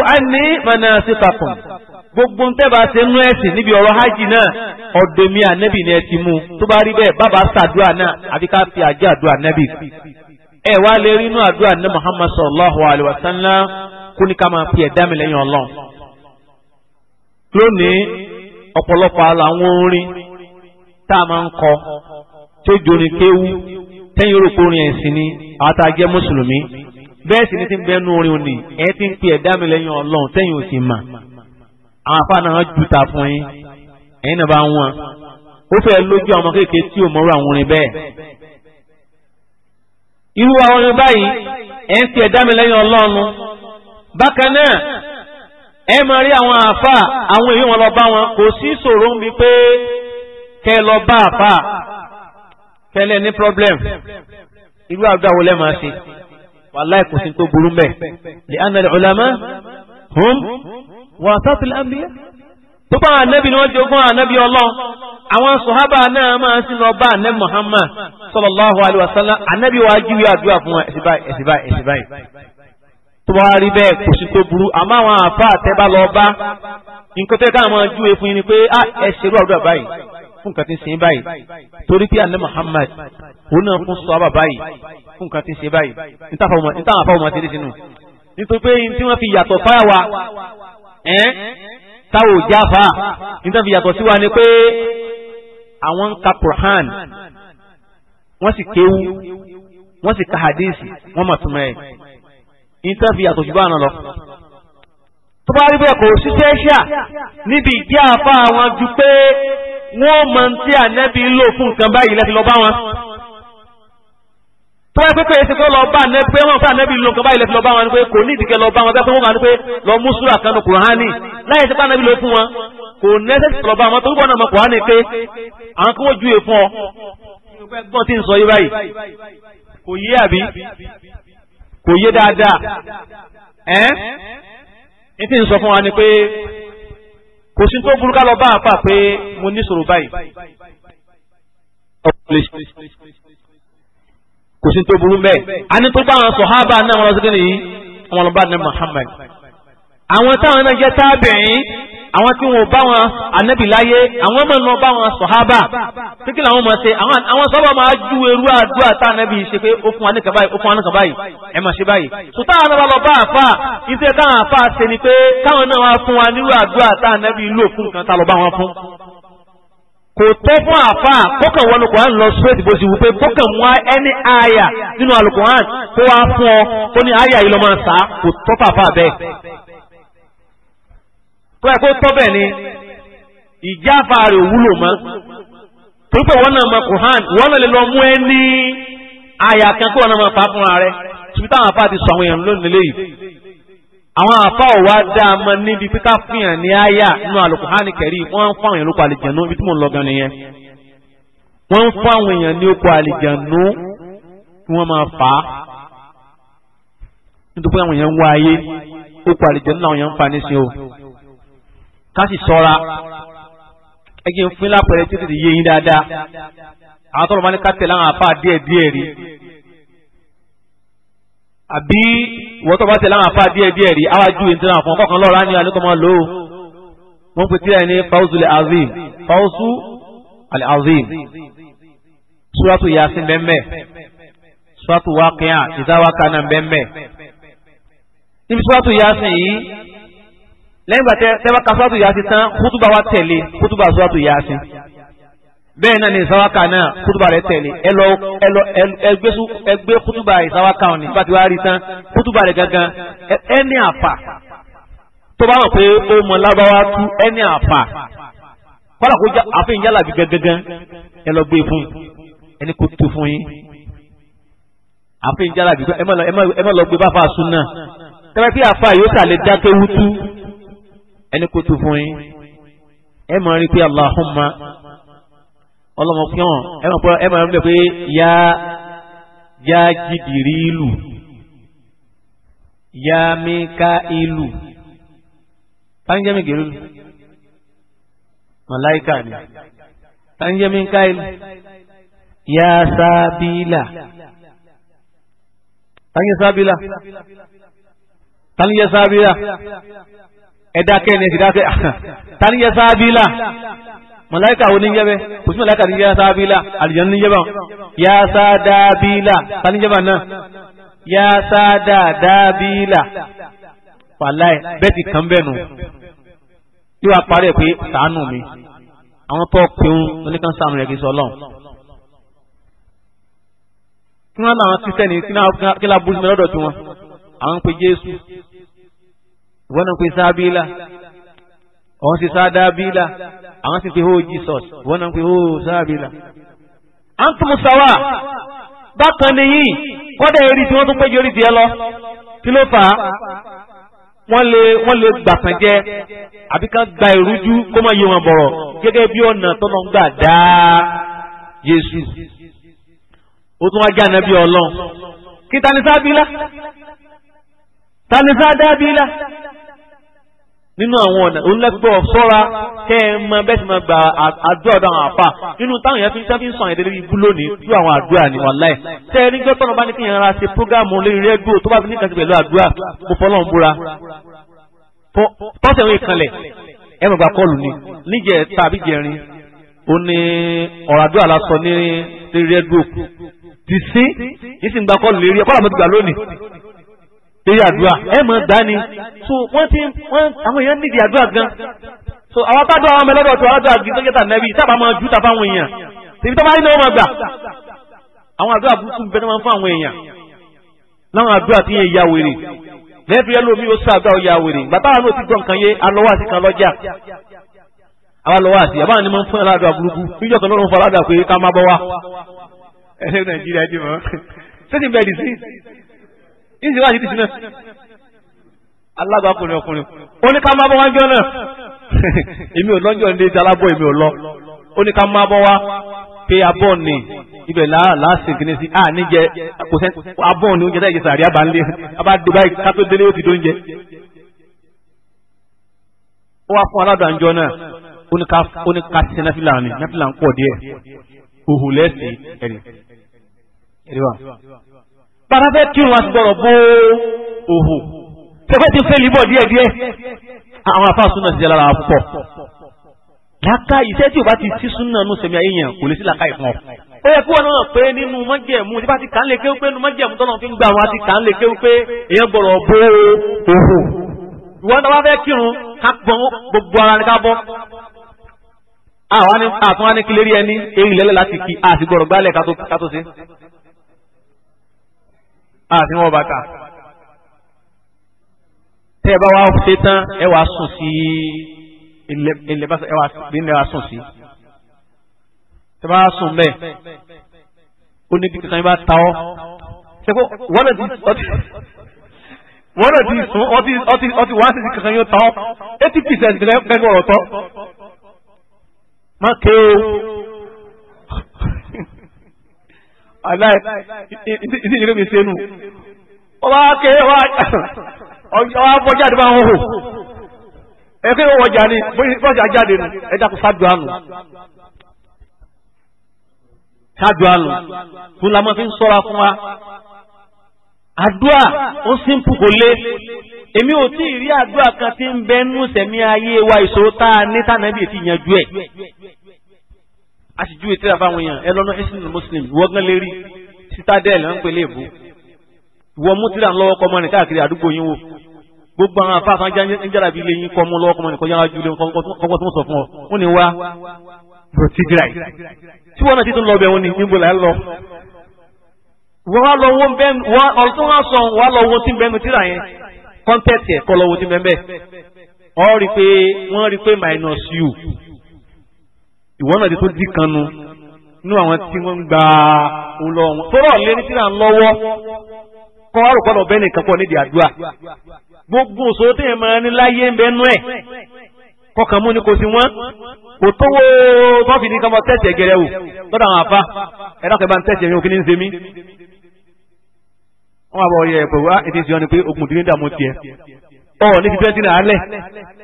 gbogbo ntẹ́bà ṣe nú ẹ̀sìn níbi ọ̀rọ̀ hajj náà ọ̀dọ̀ mi ànẹ́bì ni ẹ ti mú tó bá rí bẹ́ẹ̀ bàbá sàdúrà náà àfi ká fi àjẹ́ àdúrà ànẹ́bì. ẹ wá lè rí inú àdúrà ní Muhammad sallallahu alayhi wa sallam kó ní ká máa fi ẹ̀dá mi lẹ́yìn ọlọ́run. lónìí ọ̀pọ̀lọpọ̀ àwọn orin tá a máa ń kọ tó jorin kéwú tẹ́yìn orúkọ orin ẹ̀sìn ni àtàjẹ́ mùsùlùmí bẹ́ẹ̀ sì ni ti ń bẹ́ẹ̀ nú orin òní ẹ̀ ti ń pe ẹ̀dá mi lẹ́yìn ọlọ́run tẹ́yìn òsì mà àwọn afá náà ju ta fún yín ẹ̀yin náà bá wọn ó fẹ́ lójú àwọn ọmọ kéékèèké tí ò mọ́rú àwọn orin bẹ́ẹ̀. irú àwọn orin báyìí ẹ̀ ń tiẹ̀ dá mi lẹ́yìn ọlọ́run bákan náà ẹ máa rí àwọn àfà àwọn èèyàn wọn lọ bá wọn kò sí ìṣòro ń bi pé kẹ lọ bá àfà tẹ́lẹ̀ ní problem irú àdúrà wo lẹ́ máa ṣe wàláì kò sí tó burú mẹ́ lè ánà lè hum wàtàtì lámbíyà tó bá ànábì ni wọ́n jogún ànábì ọlọ́run àwọn sọ̀hábà náà máa sì lọ bá ànábì Muhammad sallallahu alaihi wasallam ànábì wa júwe àdúrà fún ẹ̀sìn báyìí ẹ̀sìn báyìí ẹ̀sìn báyìí tó bá rí bẹ́ẹ̀ kò sí tó burú àmọ́ àwọn àfa àtẹ́bá lọ bá nǹkan tó yẹ káwọn máa júwe fún yín ni pé ah, ẹ ṣerú àdúrà báyìí fún nǹkan tí ń sin báyìí torí pé ànábì Muhammad òun náà fún sọ̀hábà báyìí fún nǹkan tí ń sin báyìí ẹ́ táwọn òjá fa níta fi yàtọ̀ sí wa ni pé àwọn ń ka Qur'an wọ́n sì kéwú wọ́n sì ka hadisi wọ́n mọ̀ túmọ̀ ẹ̀ níta fi yàtọ̀ sí wa nà lọ. tó bá rí bẹ́ẹ̀ kò sí sẹ́ṣà níbi ìjẹ́ àfa àwọn ju pé wọ́n mọ̀ ní tí ànẹ́bí ń lò fún nǹkan báyìí lẹ́fi lọ bá wọn tó wáyé pé kéèyàn ti kọ́ lọ bá nẹ pé wọ́n fún ànẹ́bí ló nǹkan báyìí lẹ́fi lọ bá wọn pé kò ní ìdíkẹ́ lọ bá wọn bẹ́ẹ̀ pé wọ́n máa ní pé lọ mú súrà kanu kùránì láyé ti pa ànẹ́bí ló fún wọn kò nẹ́sẹ̀sì lọ bá wọn tó gbọ́dọ̀ mọ kùránì pé àwọn kí wọ́n ju èèfún ọ. gbọ́n ti ń sọ yí báyìí kò yé àbí kò yé dáadáa ẹ́ ní ti ń sọ fún wa ni pé kò sí tó burúkú lọ bá àpà pé mo ní sọ̀rọ̀ báyìí kò sí tó burú mẹ́ẹ̀ àní tó bá àwọn sọ̀hábà náà wọn lọ sí kí nìyí àwọn ọlọ́ba ní Muhammad àwọn táwọn náà jẹ́ tábìrín àwọn tí wọn ò bá wọn ànábì láyé àwọn ọmọ náà bá wọn sọ̀hábà kíkì làwọn máa ṣe àwọn sọ́bà máa ju eru àdúrà tá ànábì ṣe pé ó fún wa nìkan báyìí ó fún wa nìkan báyìí ẹ máa ṣe báyìí sùtá àwọn náà lọ bá àfà iṣẹ́ táwọn àfà ṣe ni pé káwọn náà wá fún wa nírú àdúrà tá ànábì lò fún kò tọ́ fún àfà kọ́kàn wọ alukoran lọ straight bó ti wù pé kọ́kàn mú ẹni àyà nínú alukoran kó wá fún ọ kó ní àyà yìí lọ máa sá kò tọ́ fún àfà bẹ́ẹ̀. tó yẹ kó tọ́ bẹ́ẹ̀ ni ìjà àfà rẹ̀ wúlò mọ́ torí pé náà mọ koran wọ́n náà lè lọ mú ẹni àyà kan kó wọ́n náà máa fà fúnra rẹ̀ tùbí táwọn àfà ti sọ àwọn èèyàn lónìí léyìí àwọn àfa ọ̀wá dá a mọ níbi pípa fihàn ní àyà nínú àlùkùhánì kẹrí wọ́n ń fún àwọn èèyàn lóko àlìjànú ibi tí mò ń lọ gan nìyẹn wọ́n ń fún àwọn èèyàn ní oko àlìjànú kí wọ́n máa fà á nítorí àwọn èèyàn ń wá ayé oko àlìjànú làwọn èèyàn ń fa nísìn o ká sì sọ́ra ẹgbẹ́ ń fún lápẹ̀rẹ̀ títí yé yín dáadáa àwọn tó lọ́ máa ní ká tẹ̀lé àwọn àfa díẹ̀ díẹ̀ rí àbí wọ́n tó bá tẹ̀lé àwọn afá díẹ̀ díẹ̀ rí àwọn ajú ìtura fún ọkọ̀ kan lọ́ra ní alẹ́ tó máa lò ó wọ́n pe tíra ẹni fawusu le azim fawusu ale azim suratu yasin bẹ́ẹ̀ suratu waqiya ìdáwàkà náà bẹ́ẹ̀ níbi suratu yasin yìí lẹ́yìn bàtẹ́ tẹ́wọ́ ka suratu yasin tán kútùbà wa tẹ̀lé kútùbà suratu yasin bẹ́ẹ̀ náà ni ìsáwáka náà kútùbà rẹ̀ tẹ̀lé ẹ lọ ẹ lọ ẹ gbé kútùbà ìsáwáka ọ̀nì nígbà tí wàá rí tán kútùbà rẹ̀ gangan ẹni àfà tó bá wọ̀ pé ó mọ lábáwá tú ẹni àfà kọ́lá kó àfihàn yálà bí gangan ẹ lọ gbé fún ẹni kó tu fún yín àfihàn yálà bí ẹ má lọ gbé báfa sùn náà tẹ́lẹ̀ tí àfà yóò sàlẹ̀ dákẹ́ wútú ẹni kó tu fún yín ẹ mọ̀ rí pé Allahumma ọlọ́mọ pé wọn ẹ máa pọ ẹ máa rẹ pé yá yá jìdìrí ìlú yá mika ìlú tanjẹ́ mi gèrè lù màláìka ni tanjẹ́ mika ìlú yá sábìlà (laughs) tanjẹ́ sábìlà tanjẹ́ sábìlà ẹ̀dá kẹ́ni ẹ̀dá kẹ́ni tanjẹ́ sábìlà mọ̀láíkà wo ní yẹ́bẹ́ kò sí mọ̀láíkà ní yásábílà àlìjọ́n ní yẹ́bà yásádábílà ta ní yẹ́bà náà yásádábílà wàláì bẹ́ẹ̀ ti kàn bẹ́ẹ̀ nù yóò wá parí ẹ̀ pé sàánù mi àwọn tó pinnu oníkan sàánù rẹ̀ kì í sọ ọlọ́run kí wọ́n láwọn kírísítẹ́nì kí láburú mi lọ́dọ̀ tí wọ́n àwọn ń pe Jésù ìwọ́n pe sábílà àwọn ti sáadá bílà àwọn ti fi hó jesus wọn náà fi hó sáadá bílà. à ń tún mu sáwà bákan nìyí kọ́dà eré tí wọ́n tún péjú eré tiẹ̀ lọ kí ló fà á wọ́n lè wọ́n lè gbàtàn jẹ àbí ká gba ìrújú kó má yé wọn bọ̀rọ̀ gẹ́gẹ́ bí ọ̀nà tọ́nà ń gbà dá Jésù ó tún wá jẹ́ ànábì ọlọ́run kí tani sábìlà tani sábìlà nínú àwọn ọ̀nà onílẹ́gbọ́ sọ́ra kẹ́ ẹ mọ bẹ́ẹ̀ ti máa gba àdúrà ọ̀dọ̀ àwọn àfà nínú táwọn yẹn fi ń sáfi ń sọ àyẹ̀dẹ́lẹ́ ibú lónìí tú àwọn àdúrà ní wàláì tẹ́ ẹ nígbà tọ́nà bá ní kí yẹn ra ṣe prógámù lórí rẹ́díò tó bá fi ní kàṣí pẹ̀lú àdúrà mo fọ́ lọ́n búra tọ́sẹ̀ wọn ìkànlẹ̀ ẹ mọ̀ gba kọ́ọ̀lù ni níjẹ̀ tàbí jẹrin ó ní ọ̀rọ̀ àdúrà lórí àdúrà ẹ mọ̀ dání so wọ́n ti wọ́n àwọn èèyàn nídìí àdúrà gan so àwọn tá a dún àwọn ọmọ ẹlẹ́dọ̀ tó aládùn àgbẹ̀ sọ́kẹ́tà nẹ́bí sábà máa ju tàbá àwọn èèyàn tèmi tó bá rí náà wọ́n gbà àwọn àdúrà burúkú bẹ́ẹ̀ máa ń fún àwọn èèyàn láwọn àdúrà tí yẹn ya wèrè lẹ́ẹ̀fi ẹlòmíì ó sáà gbà ó ya wèrè bàbá àwọn náà ti gbọ́ nǹkan yé alọ́wọ́ àti kan lọ́jà àwa lọ́wọ́ àti àbá ni máa ń fún aládùn àbúrúkú níjọ́ kan lọ́rùn fún aládùn àpè ká má bọ́ wa ẹ̀rẹ́ nàìjíríà jẹ́ mọ́ sẹ́sìn bẹ́ẹ̀ dì sí ìsìn wá ìdí sílẹ̀ alágbàkùnrin ọkùnrin ó ní ká máa bọ́ wá jọ náà (laughs) èmi ò lọ́jọ́ ní ìdí alábọ̀ èmi ò lọ ó ní ká máa bọ́ wá pé abọ́ ni ibẹ̀ láàsìn kìíní sí àníjẹ kò sẹ́ abọ́ ni oúnjẹ dáìjẹ sàrí àbálẹ́ abáde báyìí ká tó délé ó ti dóúnjẹ. ó wá fún aládàájọ náà ó ní ká ṣe náfìlà ni náfìlà ń pọ̀ díẹ̀ òhùlẹ́sì ẹ̀rí ẹ̀rí wa bàbá fẹ́ kírun àti gbọ́rọ̀ bó òhò tẹ́fẹ́ ti fẹ́ líbọ̀ díẹ̀díẹ̀ àwọn afá súnà ti lára pọ̀ láká iṣẹ́ tí o bá ti sí súnà nù sẹ́mi ayé yẹn kò lè sí làká ìfún ọ. ó yẹ kí wọn náà pé nínú mọ́jẹ̀mú tí bá ti kàn lè kéwú pé nínú mọ́jẹ̀mú tọ́nà fi ń gbà wọn àti kàn lè kéwú pé èèyàn gbọ́rọ̀ bó òhò ìwọ náà bá fẹ́ kírun ká gbọ́n gbogbo ara ní ká bọ́ àwọn àtúnwá ní kílérí ẹni eré ìlẹ́lẹ́ láti kí àti gbọ́rọ̀ gbálẹ̀ ká tó sí àti ah, wọn bàtà tẹ ẹ bá wá ṣe tán ẹ wàá sùn sí ilẹ̀ bá ẹ wàá ilẹ̀ wàá sùn sí tẹ bá sùn bẹ́ẹ̀ ó ní kíkan yín bá ta ọ́ ṣe kó wọ́n náà ti ọtí wọ́n náà ti sùn ọtí ọtí ọtí wọ́n á sì ti kíkan yín ta ọ́ eighty percent gẹ́gẹ́ ọ̀rọ̀ tọ́ má kéwò aláì ìsìn ìlú mi sẹ́nu ó bá ké ọjọ́ wa bọ́ jáde bá ń hò ẹ pé ó wọjà ni bọ́jà jáde nù ẹ dákun ṣáàdùn àánú ṣáàdùn àánú fún la máa fi ń sọ́ra fún wa àdúà ó simple kò lé èmi ò tí ì rí àdúà kan tí ń bẹ́ẹ̀ nù sẹ̀mí ayé wa ìṣòro tá a ní tànàbí ti yanjú ẹ̀ a sì júwe tíra fáwọn èèyàn ẹ lọ́nà ìsìn muslim wọ́gán lérí citadel ń pè léèbù ìwọ mú tíra ń lọ́wọ́ kọ́mọ́rin káàkiri àdúgbò yín wò gbogbo àwọn afáfá jára bíi lẹ́yìn kọ́ mú lọ́wọ́ kọ́mọ́rin kọjá ju lẹ́yìn kọ́kọ́ tó ń sọ fún ọ wọ́n ní wá protidra yìí tí wọ́n náà ti tún lọ bẹ̀ wọ́n ní níbo là ń lọ. wọ́n á lọ wọ́n bẹ́ẹ̀ ọ̀rọ̀ tó wá sọ wọ́n á lọ wọ́n tí ń bẹ́ẹ̀ nu tíra yẹn kọ́ńtẹ́ẹ̀tì ẹ̀ kọ́ lọ wọ́n tí ń bẹ́ẹ̀ bẹ́ẹ̀ ọ rí i pé wọ́n rí i pé minus u ìwọ náà ti tó dì kanu nínú àwọn tí wọ́n ń gba olọ wọn tó rọ̀ lé ní síra ń lọ́wọ́ kọ́ àròkọ́lọ̀ bẹ́ẹ̀ nìkan pọ̀ nídìí àdúrà gbogbo òṣòro téèyàn máa ní láyé ń bẹnu ẹ̀ kọkàn mú ni kò sí wọn kò tówó tọ́fì ní kọ́mọ tẹ̀sí ẹ̀gẹ̀rẹ̀ wò lọ́dọ̀ àwọn àfa ẹ̀dá kan bá ń tẹ̀sí ẹ̀yìn òkè ní ń ṣe mí. wọ́n wá bọ̀ ọ̀yẹ̀ pẹ̀lú ètò ah, ìsìn ọ́ ni pé okùn dín ní dààmú tiẹ̀ ọ̀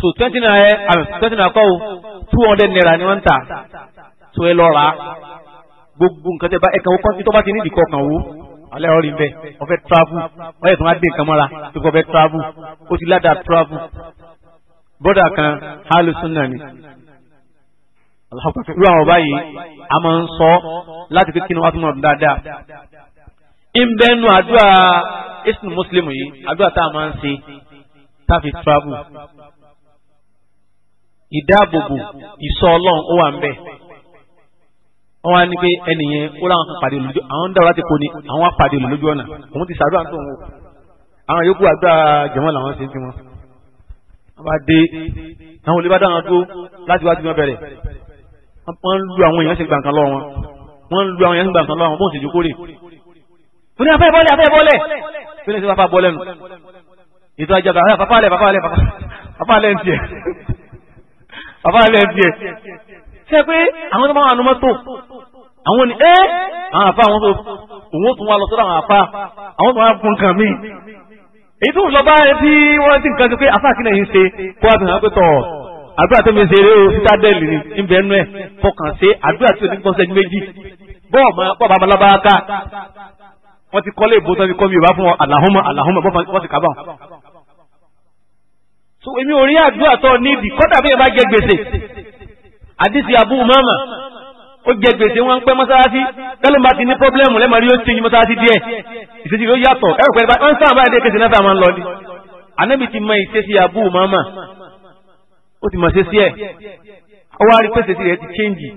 so twenty naira yẹ twenty naira kọ́ two hundred naira ni wọ́n ń so ẹ lọ rà á gbogbo nǹkan tẹ bá ẹ kàn wọ́n kọ́ńtì tó bá ti ní ìdíkọ̀ kan wò alẹ́ ọ̀rìn bẹ́ẹ̀ ọ̀fẹ́ travel ọ̀yẹ̀ tó máa dé nǹkan mọ́ra tó kọ́ fẹ́ travel ó ti ládàá travel bọ́dà kan alùsùnà ni alhamdulilayi irú àwọn báyìí a máa ń sọ láti pé kí ni wọ́n á tún mọ̀ dáadáa ìbẹ́nu àdúrà ìsìn mùsùlùmí yìí àdúrà tá a ń ṣe tá fi travel ìdáàbòbò ìsọ ọlọ́run ó wà ń bẹ̀ wọ́n wá ní pé ẹnìyẹn ó láwọn kan pàdé olùjọ àwọn ń dáwọ́ láti poni àwọn á pàdé olùjọ ọ̀nà òun ti sàdúrà tó ń wò àwọn yòókù àdúrà jẹ̀mọ́ làwọn ṣe ń fi wọn. wọ́n bá dé àwọn olè bá dáhùn tó láti wá ti wọn bẹ̀rẹ̀ wọ́n ń lu àwọn èèyàn ṣe gbàǹkan lọ́wọ́ wọn wọ́n ń lu àwọn èèyàn ṣe gbàǹkan lọ́wọ́ wọn bóun ṣe jókòó rè. mo ní afẹ́ bọ́lẹ̀ afẹ́ bọ́lẹ̀ bí wọ́n ṣe fapá bọ́lẹ̀ nù ètò àjàgbá bàbá rẹ̀ díẹ̀ ṣe pé àwọn tó máa wà nù mọ́tò àwọn ni ẹ́ àwọn àfa àwọn tó òun tún wá lọ sọ́dọ̀ àwọn àfa àwọn tó wá fún nǹkan míì èyí tó ń lọ bá ẹ tí wọ́n ti nǹkan ti pé àfa kí lẹ́yìn ṣe kó wá bìnrin pé tọ̀ àdúrà tó mi ṣe eré sítádẹ́ẹ̀lì ni níbẹ̀ ẹnu ẹ̀ fọkàn ṣe àdúrà tí ò ní gbọ́ sẹ́jú méjì bọ́ọ̀ mọ́ bọ́ọ̀ bá balaba ká wọ́n ti kọ́lé ìbò so èmi ò rí àdúrà tó nídìí kọ́dà bí ẹ bá jẹ gbèsè àdìsí Abu Umama ó jẹ gbèsè wọn ń pẹ́ mọ́sálásí tẹ́lẹ̀ bá ti ní pọ́blẹ́mù lẹ́mọ̀ rí ó ti yin mọ́sálásí díẹ̀ ìṣesí ló yàtọ̀ ẹ̀rọ pẹ̀lú báyìí wọ́n sáà báyìí dé kéde náà sáà máa ń lọ ní. ànábì ti mọ ìṣesí Abu Umama ó ti mọ̀ ṣe sí ẹ̀ ó wá rí pèsè rẹ̀ ti chéǹjì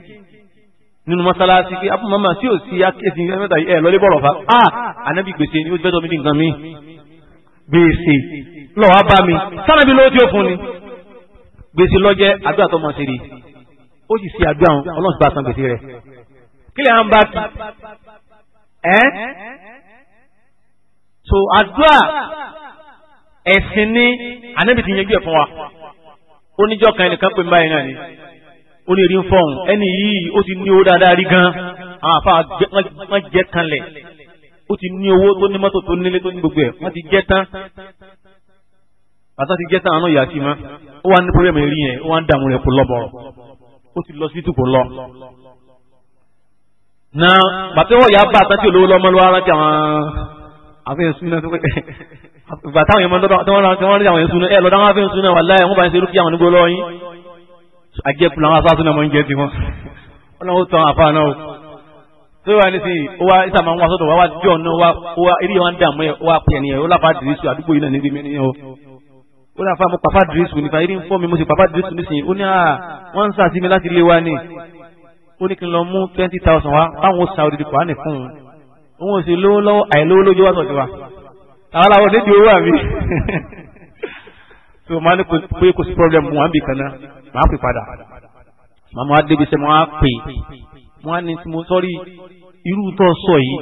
nínú mọ́sálásí pé Abu Umama tí ò sí akéèsì mẹ́ta ẹ̀ lọ́lé bọ̀rọ̀ fa ah ànábì gbèsè ni ó ti fẹ́ lọ́wọ́ bá mi sanabi ló ti ó fún ni gbèsè lọ́jẹ́ àdúrà tó mọ̀ sí rí ó sì ṣe àdúrà wọn ọlọ́run ti bá san gbèsè rẹ̀ kí lè à ń bá kí ẹ́ so àdúrà ẹ̀sìn ní ànábì ti yanjú ẹ̀ fún wa oníjọ́ kan ẹnìkan pè ń báyìí náà ni ó ní rí ń fọ̀hún ẹni yìí ó ti ní owó dáadáa rí gan àwọn àfa wọn jẹ kanlẹ̀ ó ti ní owó tó ní mọ́tò tó nílé tó ní gbogbo ẹ̀ wọ́n ti jẹ tán àtàtì jẹ́ táwọn náà yà sí ma ó wà ní pọ́lẹ́mù rí yẹn ó wà ń dààmú rẹ̀ kó lọ bọ̀rọ̀ ó ti lọ sí tùkọ̀ lọ. na bàtẹ́ wọ̀ yà bá àtàtì olówó lọ́mọ lọ́wọ́ ara ti àwọn àfihàn sunna tó pé bàtà àwọn yẹn máa dọ́dọ̀ tí wọ́n rí àwọn yẹn sunna ẹ lọ́dọ̀ àwọn àfihàn sunna wà láyé wọ́n bá yẹn ṣe rúkì àwọn nígbó lọ́yìn àjẹkùn làwọn afáàsùn náà mọ̀ ń jẹ tiwọn wọn náà ó tán àfáà náà ó isa máa ń wá sọ́dọ̀ wá wá jọ náà wá eré wa ń dààmú ẹ wá pẹ nìyẹn ó lápá dìrísù àdúgbò yìí náà níbi mẹni yẹn ó dà fa mo pàfà dìrísù nípa irin fọ́ mi mo sì pàfà dìrísù nísìnyí ó ní à ah, wọ́n ń sà sí mi láti ilé wa ni ó ní kí n lọ mú twenty thousand wá báwọn sa òdìdí kò á nì fún un òun ò sì lówó lọ́wọ́ àìlówó lójú wá sọ̀tì wa àwọn làwọn ò dédìí owó àmì tó máa ní pé kò sí problem wọn bì kan náà máa pè padà màmá wa débi sẹ́ mo pè mo á ní mo sọ́rí irú tó sọ yìí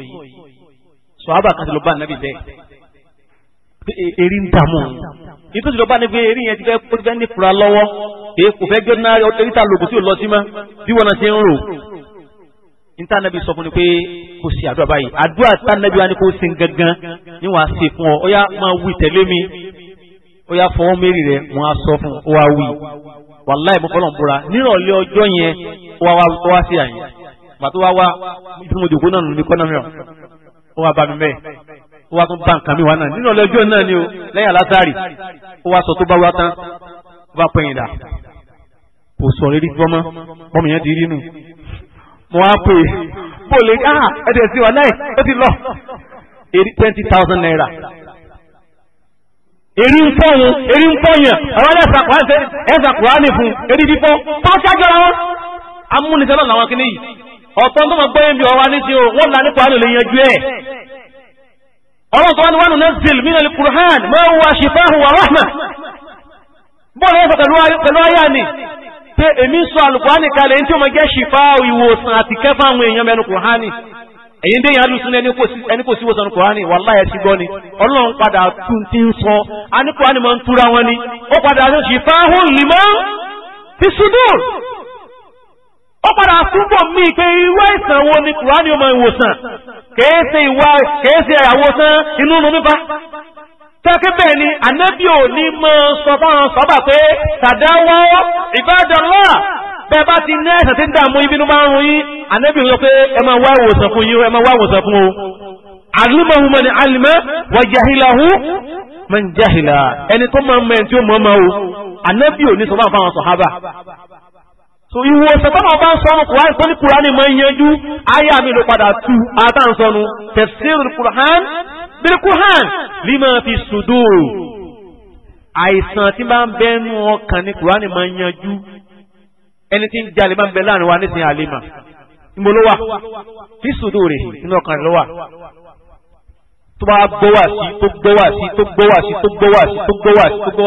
sọ àbàkàtì ló bá nàbì bẹ́ẹ̀ e-, eré ń dààmú nítorí ìjọba ni pé eré yẹn ti fẹ́ kó ti fẹ́ ní fura lọ́wọ́ èyí kò fẹ́ gbé ná eríta lògùn tí ò lọ sí mọ́ bí wọn ti ń rò intanẹbi sọ fún ni pé kò sí àdúrà báyìí àdúrà tánẹbi wa ni kò sí gangan ni wọn á ṣe fún ọ ó yá máa wí tẹ̀lé mi ó yá fọwọ́ mẹ́rin rẹ̀ wọ́n á sọ fún ó wá wí wàláì mọ́fọ́lọ́ ń búra nírọ̀lẹ́ ọjọ́ yẹn ó wá wá sí àyìn gbàtó wá wá ìfúnmọ̀jòkó ó wá tún bá nǹkan mi wá náà nínú ọlọ́jọ́ náà ni o lẹ́yìn alásàrì ó wá sọ tó bá wá tán ó bá pẹ́yìn dà kò sọ rírí fọ́mọ́ ọmọ yẹn ti rí nù mo wá pè é bó lè ah ẹ̀dẹ̀ sí wa láì ó ti lọ èrè twenty thousand naira èrè ń fọ́yìn èrè ń fọ́yìn àwọn ẹ̀sà kùránì fún èrè fífọ́ tó ṣáájọ́ ra wọn amúnisẹ́ náà làwọn kìnnìyì ọ̀tọ́ tó mọ̀ gbọ́yìn bí ọ̀wá ní ti o wọ́n ọlọ́run tó wá ní wọ́n nùnẹ́zìl mínà lè kùrán máa wà ṣìfáhù wà ráhmà bọ́ọ̀lù ẹ̀fọ́ pẹ̀lú ayá ni pé èmi sọ alùkùránì kalẹ̀ tí ó máa jẹ́ ṣìfáhù ìwòsàn àti kẹfà àwọn èèyàn mẹ́nu kùránì èyí dé yàn lùsùn ẹni kò sí ìwòsàn kùránì wàláyé sí gbọ́ ni ọlọ́run padà tún ti ń sọ a ní kùránì ń túra wọn ni ó padà ṣìfáhù lìmọ́ fi sudur ó padà túbọ̀ mí pé ìwé ìsàn wo ni kùránì ọmọ ìwòsàn kèése ìwà kèése ìyàwó tán inú nu nípa tẹ́kí bẹ́ẹ̀ ni ànábì ò ní mọ sọ fáwọn sọ́bà pé tàdáwọ́ ìbádọ́lá bẹ́ẹ̀ bá ti ní ẹ̀sẹ̀ tí ń dààmú ibi inú máa ń rún yín ànábì sọ pé ẹ máa wá ìwòsàn fún o àlùmọ̀hu jahila ẹni tó máa mọ ẹni tí ó mọ̀ ọmọ o ànábì so ìwòsàn tọ́nà ọba ń sọnù kùránì tó ní kùránì máa ń yanjú ayé àmì ló padà tu àtàǹsọnù tafsirul kùránì bil kùránì lima fi sudur àìsàn tí bá ń bẹnu ọkàn ní kùránì máa ń yanjú ẹni tí ń jalè máa ń bẹ láàrin wa nísìnyí àlema ìmọ̀ ló wà fi sudur rẹ̀ nínú ọkàn rẹ̀ ló wà tó bá gbọ́ wá sí tó gbọ́ wá sí tó gbọ́ wá sí tó gbọ́ wá sí tó gbọ́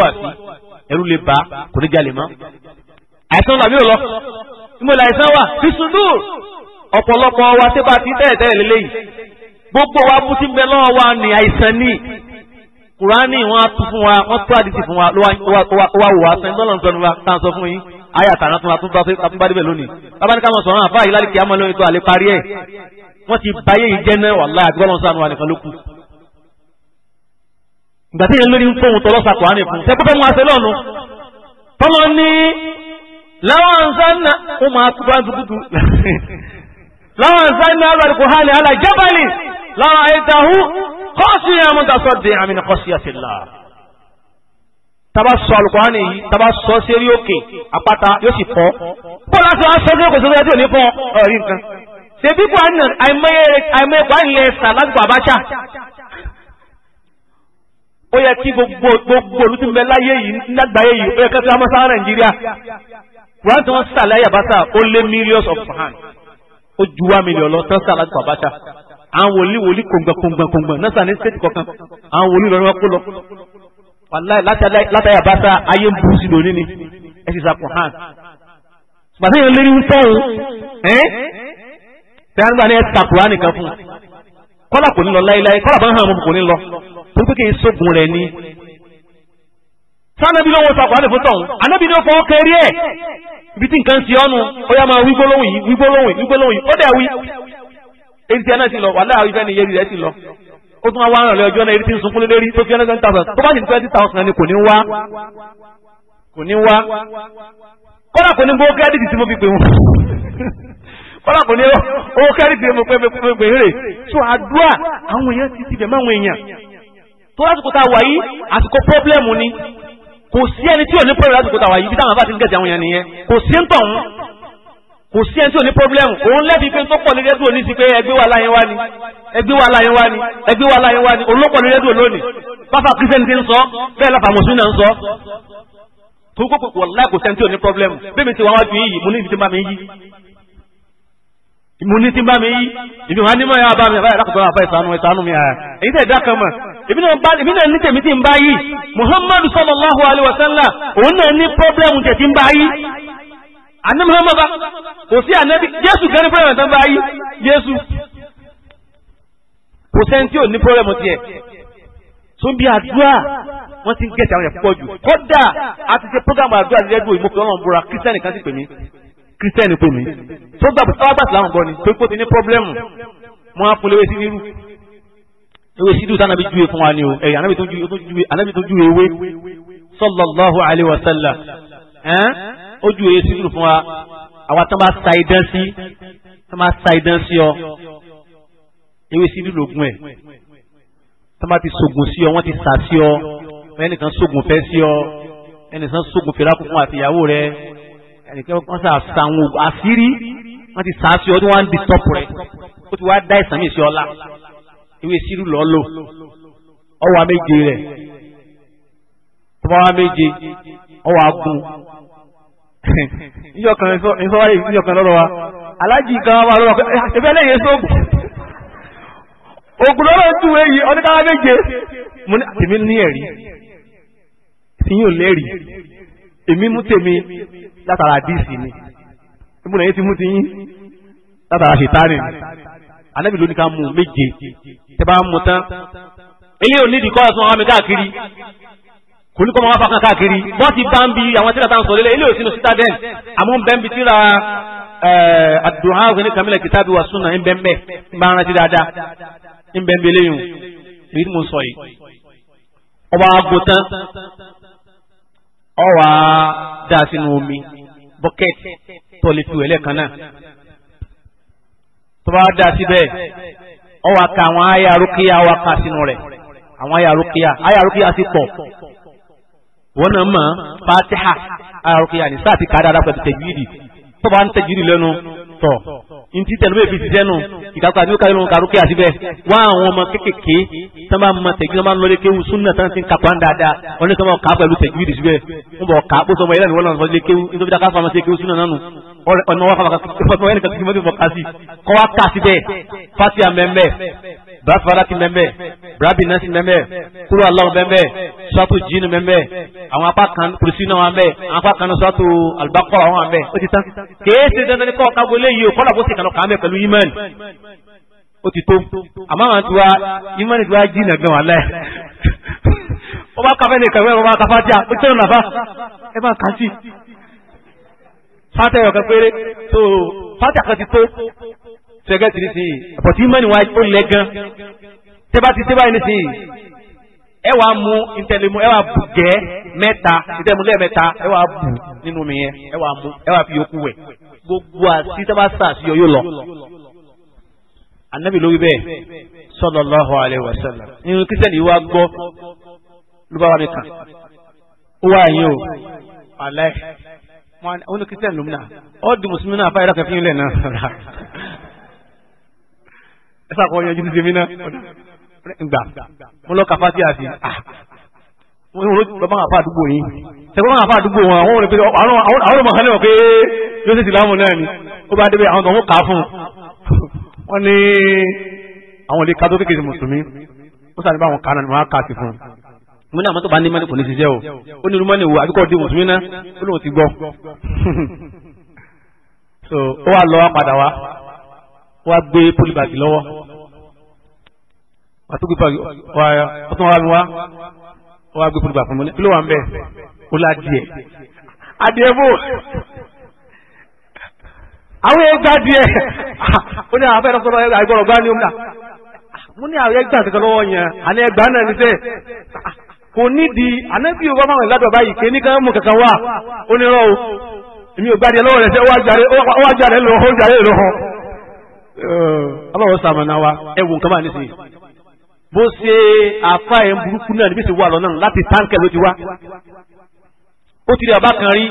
wá sí tó lè bá kò ní jalè mọ́ àìsàn làbí ò lọ ìmọ̀ làìsàn wà fi sùúrù ọ̀pọ̀lọpọ̀ wa tí bá ti tẹ́ẹ̀tẹ́ẹ̀ lélẹ́yìí gbogbo wa bú ti ń bẹ lọ́wọ́ wa ní àìsàn ní kùránì wọn á tún fún wa wọn tún àdìsí fún wa ló wá wò wá sẹ́yìn tó lọ́nà tó ń wa tá à ń sọ fún yín ayé àtàrà tó ń bá tó ń bá débẹ̀ lónìí bàbá ní ká máa sọ̀rọ̀ àfa yìí lálẹ́ kí á máa lóyún tó àlè parí ẹ̀ wọ́n ti báyé yìí jẹ́ náà wàlá àti bọ́lá ń sànù wa nìkan ló kù. ìgbà tí yẹn lórí ń fóun tọ́lọ́sà kùránì fún sẹ́kúfẹ́ mu àṣẹ lọ́nu tọ́lọ́ ní lawan zanna kuma tuban zubutu lawan zanna alwal kuhani ala jabali lawa aitahu qasiya mutasaddi'a min qasiyati Allah taba sọ alukuhani yìí taba sọ seri òkè àpáta yóò sì fọ́ bọ́lá sọ aṣọ sẹ́kọ̀ọ́ sọ́dọ̀ yàtọ̀ ní fọ́ ọ̀rí nǹkan ṣèbí kò àná àìmọye àìmọye kò àìlẹ̀ ẹ̀sà lásìkò àbáṣà ó yẹ kí gbogbo gbogbo olùtúmọ̀ láyé yìí lágbàáyé yìí ó yẹ kẹ́kẹ́ amọ́sára Nàìjíríà wọ́n ti wọ́n sàlàyé àbáṣà ó lé millions of hand ó ju wá mílíọ̀n lọ tán sàlàyé àbáṣà àwọn wòlíì wòlíì kòǹgbọ̀n kòǹgbọ̀n kòǹgbọ̀n náà sàn ní stéètì kọ̀ọ̀kan àwọn wòlíì lọ́rọ́ wọn kó lọ. wàláì látàyè àbáṣà ayé ń burú sí lónìí ni ẹ sì sàpọ̀ hand. pàṣẹ yẹn lérí ń tọ́hún ẹ́n tẹ́ àgbà ni ẹ sàkùrá nìkan fún un kọ́là kò ní lọ láéláé kọ́là bá ń hàn mọ́ kò ní lọ torí sanabi ló ń wo sàkó àlè fún tọ̀hún anabi ló fọwọ́ kẹrí ẹ̀ ibi tí nǹkan ṣe ọ́nu ó yá máa wí gbólóhùn yìí wí gbólóhùn yìí wí gbólóhùn yìí ó dẹ̀ wí. eriti ẹ̀ náà ti lọ wàhálà àwọn ìfẹ́ ni yẹ́rì rẹ̀ ti lọ ó tún wá wá rànlẹ́ ọjọ́ náà eriti ń sunkún lórí tó fi ẹ̀ẹ́dẹ́gbẹ̀ta tó bá sì ní twenty thousand ni kò ní wá kò ní wá kọ́lá kò ní gbowó kẹ́rẹ́dìtì tí mo fi pè wọ́n kọ́lá kò ní owó kẹ́rẹ́dìtì tí mo pè pè kò sí ẹni tí ò ní pọ́blẹ́mù lásìkò tàwa yìí bí táwọn bá ti ń gẹ̀ẹ́sì àwọn èèyàn nìyẹn kò sí ń tọ̀hún kò sí ẹni tí ò ní pọ́blẹ́mù òun lẹ́bi pé tó pọ̀ ní rédíò ní sí pé ẹgbẹ́ wa láyé wá ni ẹgbẹ́ wa láyé wá ni ẹgbẹ́ wa láyé wá ni òun ló pọ̀ ní rédíò lónìí pápá kristian ti ń sọ bẹ́ẹ̀ láfa mùsùlùmí náà ń sọ tó kó pọ̀ láì kò sẹ́ni tí ò ní pọ́blẹ́mù bẹ́ẹ̀ ti wá wájú yìí mo ní ibi tí bá mi yí èmi náà ní tèmi tí ń bá yìí muhammadu sallallahu alaihi wasallam òun náà ní pọ́blẹ́mù tẹ̀ tí ń bá yìí àní muhammadu bá kò sí ànábì jésù gẹ́ni pọ́blẹ́mù tẹ̀ ń bá yìí jésù kò sẹ́ni tí ò ní pọ́blẹ́mù tiẹ̀ tó ń bí àdúrà wọ́n ti ń gẹ̀ẹ́sì àwọn ẹ̀fọ́ jù kódà a ti ṣe prógámù àdúrà lẹ́gbẹ̀ẹ́ ìmọ̀fẹ́ ọlọ́run búra kírísítẹ́nì kan sì pè mí kírísítẹ́nì pè mí tó gbà bùkọ́ láwọn gbọ́ ni pé kó ti ní pọ́blẹ́mù wọn á sí nírú ewé sídùú tí anabi júwe fún wa ni o ẹ̀yìn anabi tó júwe anabi tó júwe ewé sallallahu alayhi wa sallam ẹ̀ẹ́n ó júwe sídùú fún wa àwa tó máa sa idán sí tó máa sa idán sí ọ ewé sídùú lògùn ẹ̀ tó máa ti sògùn sí ọ wọ́n ti sà sí ọ ẹnìkan sògùn fẹ́ sí ọ ẹnìkan sògùn fẹ́ lákòókò àtìyàwó rẹ ẹnìkan wọ́n sà sàwọn àṣírí wọ́n ti sà sí ọ tí wọ́n á ń rẹ ó ti wá dá ìsàmì sí ọ lá. ìwé sírù lọ lò ọwọ́ méje rẹ̀ tọ́wọ́ méje ọwọ́ agun níjọkan ìfọwọ́lẹ̀ níjọkan lọ́rọ̀ wa alájì kan wà lọ́rọ̀ pé ẹ̀fẹ́ lẹ́yìn sóògùn ògùn lọ́rọ̀ tún èyí ọdíkáwá méje mo ní tèmi ní ẹ̀rí tí yóò lẹ́rìí èmi mú tèmi ti anabi ló ní ká mú méje tẹ bá mú tán eléyìí ò ní ìdíkọ́ ọ̀sán ọmọ mi káàkiri kò ní kọ́ máa fàkàn káàkiri wọ́n ti bá ń bi àwọn tíra tá à ń sọ lélẹ̀ eléyìí ò sínú citadel àmọ́ ń bẹ́ ń bi tíra àdùnhàn eh, òkè ní kìtàbí wa súnà ń ń bẹ́ ń bá rántí dáadáa ń bẹ́ ń bi eléyìí èyí tí mo sọ yìí ọba agbo tán ọwà dá sínú omi bọ́kẹ́tì tọ́lẹ̀ fi náà bá dà síbẹ̀ ọ wà ká àwọn àyà rúkìá wà ká sínú rẹ̀ àwọn àyà rúkìá àyà rúkìá sì pọ̀ wọn náà mọ̀ fatiha àyà rúkìá ní sáà ti ká dáadáa pẹ̀lú tẹ̀júìdì tó bá ń tẹ̀júìdì lẹ́nu tọ̀ ntí tẹ̀lé bẹ́ẹ̀ fi ti sẹ́nu ìkàkọ́ àti ìkàkọ́ ìlú kàrúkẹ́ àti bẹ́ẹ̀ wá àwọn ọmọ kékèké tó máa ma tẹ̀jú tó máa lọ́lé kéwù súnà tó ń sin kàkọ́ dáadáa wọn ní kí wọ́n kà á pẹ̀lú tẹ̀jú ìdí síbẹ̀ wọ́n bọ̀ kà á pé sọmọ yẹlẹ́nu wọn náà sọ lé nítorí dáká fún ọmọ sí nánu ọ̀nà wa fàbàkà ìfọ̀tún ẹnìkan kìkì mọ́tò ìfọ̀kà sí kọ́ wa kà sí bẹ́ẹ̀ fatia mẹ́mẹ́ bàfàlàkì mẹ́mẹ́ brabi nẹ́sì mẹ́mẹ́ kúrò aláwọ̀ mẹ́mẹ́ sọ́tò jíìnì mẹ́mẹ́ àwọn apá kan kùrìsì náà wà mẹ́ àwọn apá kan sọ́tò alùbákọ́rọ̀ àwọn àmẹ́ ó ti tán kèé ṣe dandan ní kọ́ ọ̀ka wọlé yìí o kọ́lá kó sì kàn ọ̀ka mẹ́ pẹ̀lú yimẹ́n ó ti tó àmọ́ àwọn tiwa yimẹ́n tiwa jìnnà gan wà láyé ó bá kafẹ́ nìkan wẹ́ẹ́ ó bá kafa díà ó ti tẹ́lẹ̀ nàfa ẹ bá kà fata ẹ̀yọ̀ kan péré so fata kan ti tó sẹ́gẹ́ ti ní sí i àpọ̀tí mọ́ni wa ó lẹ gan tẹ́bá ti tẹ́bá yìí ní sí i ẹ wà á mú ntẹ̀lẹ́mú ẹ wà á bù gẹ́ mẹ́ta ntẹ̀lẹ́mú lẹ́ẹ̀mẹ́ta ẹ wà á bù nínú mi yẹn ẹ wà á mú ẹ wà á fi yòókù wẹ̀ gbogbo àti tẹ́bá sàṣeyọ yóò lọ anabi ló wí bẹ́ẹ̀ sallallahu alaihi wasallam nínú kristiani wa gbọ́ ló bá wà nìkan ó wà yín o alẹ́ wọn ní kristian lumna. ó di mùsùlùmí na, fáyọ̀ kẹfì ńlẹ̀ náà rà ẹ sàkó yanjú ti mi náà ngbà mo lọ kàfá sí àti wọn ò lọ́ba àfa àdúgbò yìí sẹ́kọ̀ọ́ àfa àdúgbò wọn àwọn olùpẹ̀ àwọn olùmọ̀ kan náà pé yóò ṣe ìsìlámù náà ni ó bá débẹ̀ àwọn tó ń kà á fún wọn ní àwọn ilé kátó kékeré mùsùlùmí ó sàdébà àwọn kan náà ni wọn á kà á sí fún un mo ní àwọn tó bá ní mọ́ni kò ní ṣiṣẹ́ o ó ní irú mọ́ni wo àbíkọ́ di mùsùlùmí náà ó lóun ti gbọ́ (laughs) so ó wà lọ́wọ́ padà wá wá gbé pólíbàgì lọ́wọ́ àtúgbò pàgì ọtún wa mi wá wá gbé pólíbàgì fún mi kí ló wà ń bẹ̀ ó lá díẹ̀ adìẹ bò àwọn yẹn gbá díẹ̀ ó ní àwọn afẹ́rẹ́ sọ́dọ̀ àìgbọ̀rọ̀ gbá ní omi náà mo ní àwọn yẹn gbà tẹ̀tẹ̀ lọ́wọ́ yẹn àní ẹgbàá náà ní sẹ́ẹ̀ kò nídìí ànábì ò bá máa ládọ̀ báyìí pé nìkan mú kankan o èmi ò gbádìí ẹlọ́wọ́ rẹ̀ sẹ́ ó wá jáde lọ ó jáde lọ hàn. aláwọ̀ sàmànà wa ẹ wò nǹkan bá nísìnyí bó ṣe àfa ẹ̀ ń burúkú náà níbi tí wà láti táǹkẹ̀ ló ti wá ó ti rí àbá kan rí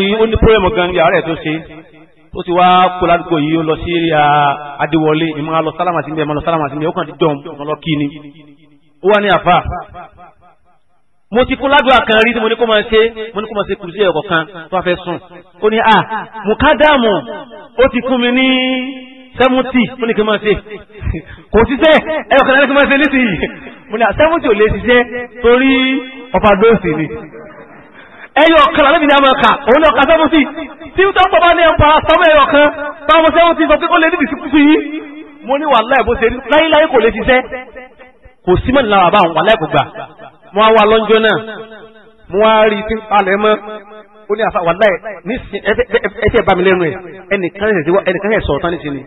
yìí ó ní gan ti wá kó ládùúgbò yìí ó lọ sí adéwọlé ìmọ̀ sálámà sí ó wá ní àfà mo ti kún ládùúgbò kan rí tí mo ní kó máa ṣe mo ní kó máa ṣe kùrùsí ẹ̀kọ́ kan tó wá fẹ́ sùn ó ní à mùkádàmù ó ti fún mi ní sẹ́mùtì mo ní kí n máa ṣe (laughs) kò ṣiṣẹ́ ẹ̀yọ̀ kan lẹ́nu kí n máa ṣe nísìnyí mo ní à sẹ́mùtì ò lè ṣiṣẹ́ torí ọ̀pá gbòòsì ni ẹyọ kan làbẹ́bí ni a máa kà òun náà kà sẹ́mùtì tí wọ́n tọ́ bá ní ẹ̀mpa sọ́mọ ẹyọ kan báwọn sẹ́mùtì sọ pé kó lè níbi síkúsù yìí mo ní wàhálà ẹ̀ bó ṣe láyéláyé kò lè ṣiṣẹ́ kò sí mọ̀ nílára bá àwọn wà láìpọ̀gbà mo wá wá lọ́njọ́ náà mo wá rí tí palẹ̀ mọ́ ó ní àfa wàláì nísìn ẹtẹ bá mi lẹ́nu ẹ̀ ẹnìkan ẹ̀ ẹnìkan ẹ̀ sọ̀rọ̀ tán nísìn ni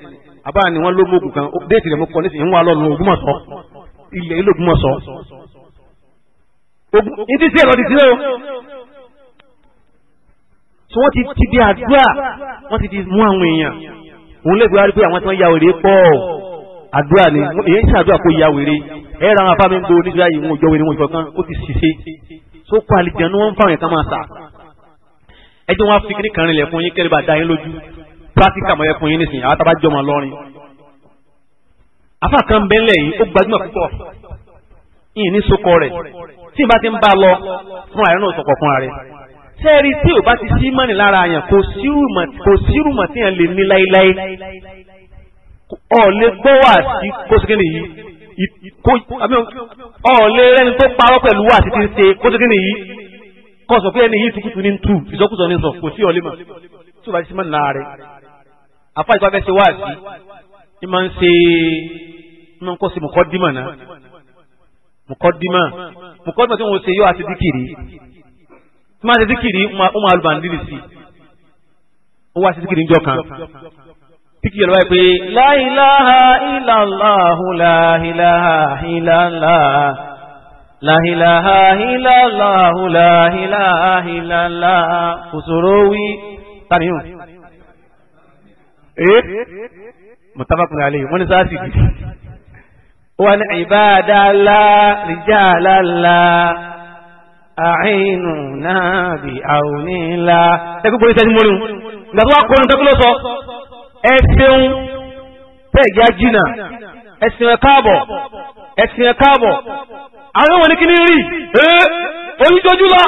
àbá ni wọ́n ló mú ògùn kan déètì rẹ̀ mo kọ́ nísìn ń wá lọ́nu Ògbómọ̀ṣọ́ ilẹ̀ ilé Ògbómọ̀ṣọ́ ìdí sí ẹ̀rọ dìtí o tí wọ́n ti ti di àdúrà wọ́n ti di mú àwọn èèyàn òun lè gbé wá rí pé àwọn tí wọ́n ya wèrè pọ̀ àdúrà ni èyí ń ṣàdúrà kó ya wèrè ẹ ra àwọn afáàmì ń gbó nígbà yìí wọn ò jọ wẹni wọn ìfọkàn ó ti ṣiṣẹ́ tó kọ àlìjẹnu wọn ń fáwọn ẹ̀ka máa sà ẹ jẹ́ wọn fi kíní kan rinlẹ̀ fún yín kẹ́lẹ́ bá da yín lójú pírátíkà mọ́ yẹ fún yín nísìnyí àwọn tábà jọmọ lọ́rin afa kan bẹ́ńlẹ̀ yìí ó gbajúmọ̀ púpọ̀ yìí ní sokọ rẹ̀ tí ìbá ti ń bá lọ fún àìrán náà sọ̀kọ̀ fúnra rẹ̀ sẹ́ẹ̀rí tí ò bá ti sí mọ́ni lára yẹn kò sírùmọ̀ tí yẹn lè ní láéláé ọ̀ lè gbọ́ wà sí kó sí kí nìyí ọ̀ọ́lẹ́ ẹni tó parọ́ pẹ̀lú wà títí ṣe kó tó kíni yìí kọ́ sọ pé ẹni yìí tukutu ní tù ìsọkúsọ ní sọ kò sí ọ̀lẹ́ mọ̀ tí o bá ti sí mọ́ nà rẹ̀ afa ìgbà fẹ́ẹ́ ṣe wá sí i máa ń ṣe i máa ń kọ́ sí mùkọ́dímà náà mùkọ́dímà mùkọ́dímà tí wọ́n ṣe yóò àti díkìrì tí wọ́n àti díkìrì wọ́n máa lù bàǹdìrì sí i ó wá píkì yẹn ló wáyé pé. la ilaha illallah la ilaha illallah la ilaha illallah la ilaha illallah òṣòro wí tàníyàn. ee mutafakun alayhi wọn ni sáà sì di. wọn ni ibada la rijala la àìnù náà bí àwọn onílà. ẹ gbogbo ìṣẹ́jú mọ́rin ìgbà tó wà kọ́ni tó kí ẹ ṣeun tẹ́ẹ̀gì ajínà ẹ̀sìn ẹ̀ káàbọ̀ ẹ̀sìn ẹ̀ káàbọ̀ àwọn ìwọ̀n ní kí ní rí ee oníjọ́jú lọ.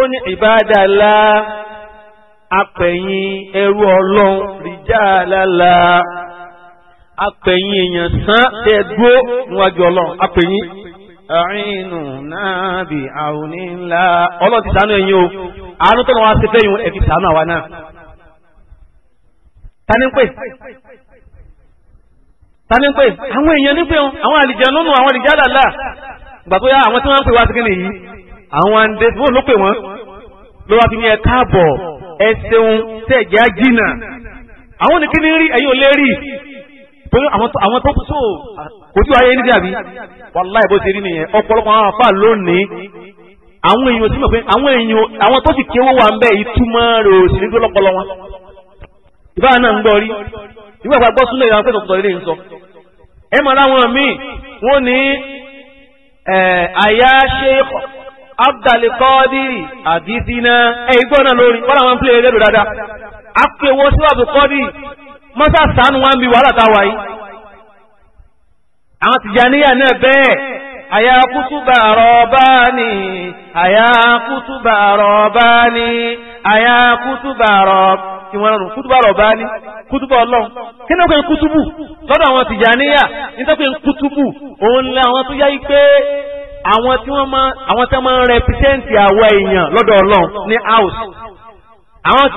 ó ní ìbádàlá apẹ̀yìn ẹrú ọlọ́run rìjàlálà apẹ̀yìn èèyàn sán ẹ̀dúró níwájú ọlọ́run apẹ̀yìn. àrínù náà bí àwọn onílà ọlọ́run ti ṣàánú ẹ̀yin o àánú tó lọ́wọ́ á ṣe fẹ́yìn ẹ̀fi ṣàánú àwa náà tani ń pè tani ń pè àwọn èèyàn ní pé àwọn àlìjẹ lónù àwọn àlìjẹ àlàlà gbà tó yá àwọn tí wọ́n ń pè wá sí kíni yìí àwọn àǹdẹ tí wọ́n ló pè wọ́n ló wá fi ní ẹ káàbọ̀ ẹ ṣeun tẹ̀jẹ̀ àjìnà àwọn nìkí ni rí ẹ̀yin ò lè rí torí àwọn tó so kò tí wáyé níbi àbí wàláì bó ṣe rí nìyẹn ọ̀pọ̀lọpọ̀ àwọn àfà lónìí àwọn èèyàn sí mọ̀ pé àwọn èèyàn àwọn tó sì kéwọ́ wà ń bẹ́ẹ̀ ìtumọ̀ rẹ̀ ò sí nígbó lọ́pọlọ wọn ìbára náà ń gbọ́ rí ìwé àgbà gbọ́ súnlẹ̀ ìyàwó pẹ̀lú ọ̀tọ̀ ilé ń sọ. ẹ mọ̀ láwọn míì wọ́n ní àyà sheikh abdulkadiri àdìsínà ẹ̀gbọ́n náà lórí wọ́n làwọn ń pè é lẹ́rù dáadáa. àpèwọ́ sí abdulkadiri mọ́sá sànù wa ń bi wàhálà táwa yìí. àwọn tìjàníyà náà bẹ́ẹ̀ àyà kútùbà rọ̀bánì àyà kútùbà rọ̀bánì àyà kútùbà rọ̀bánì ìwọ̀n ọ̀run kútùbà Rabbani kútùbà ọlọ́run kí ni ó pè kútùbù lọ́dọ̀ àwọn Tìjàníyà nítorí pé kútùbù òun ni àwọn tó yá yí pé àwọn tí wọ́n máa àwọn tí wọ́n máa ń rẹpítẹ́ǹtì àwọ̀ èèyàn lọ́dọ̀ ọlọ́run ní house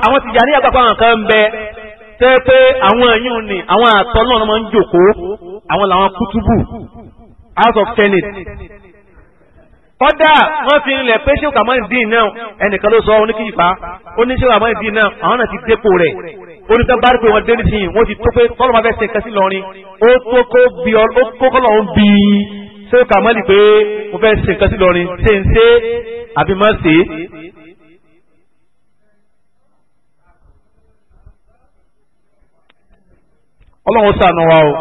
àwọn Tìjàníyà pàpà àwọn kan bẹ tẹ́ pé àwọn ẹ̀yìn ni àwọn àtọ́ náà máa ń jòkó àwọn làwọn kútùbù house of tennis kọ́dà wọ́n fi ń lẹ̀ pé ṣé òkàmọ́ ìdín náà ẹnìkan ló sọ oníkìyìfà oníṣẹ́ òkàmọ́ ìdín náà àwọn náà ti dépò rẹ̀ oníkan bá rí pé wọ́n dé nísìnyí wọ́n ti tó pé kọ́lọ́ máa fẹ́ ṣe nǹkan sí lọ́rin ó tó kó bí ọ ó kó kọ́lọ́ ń bí ṣé òkàmọ́ lì pé mo fẹ́ ṣe nǹkan sí lọ́rin ṣe ń ṣe àbí má ṣe. ọlọ́run ṣàánú wa o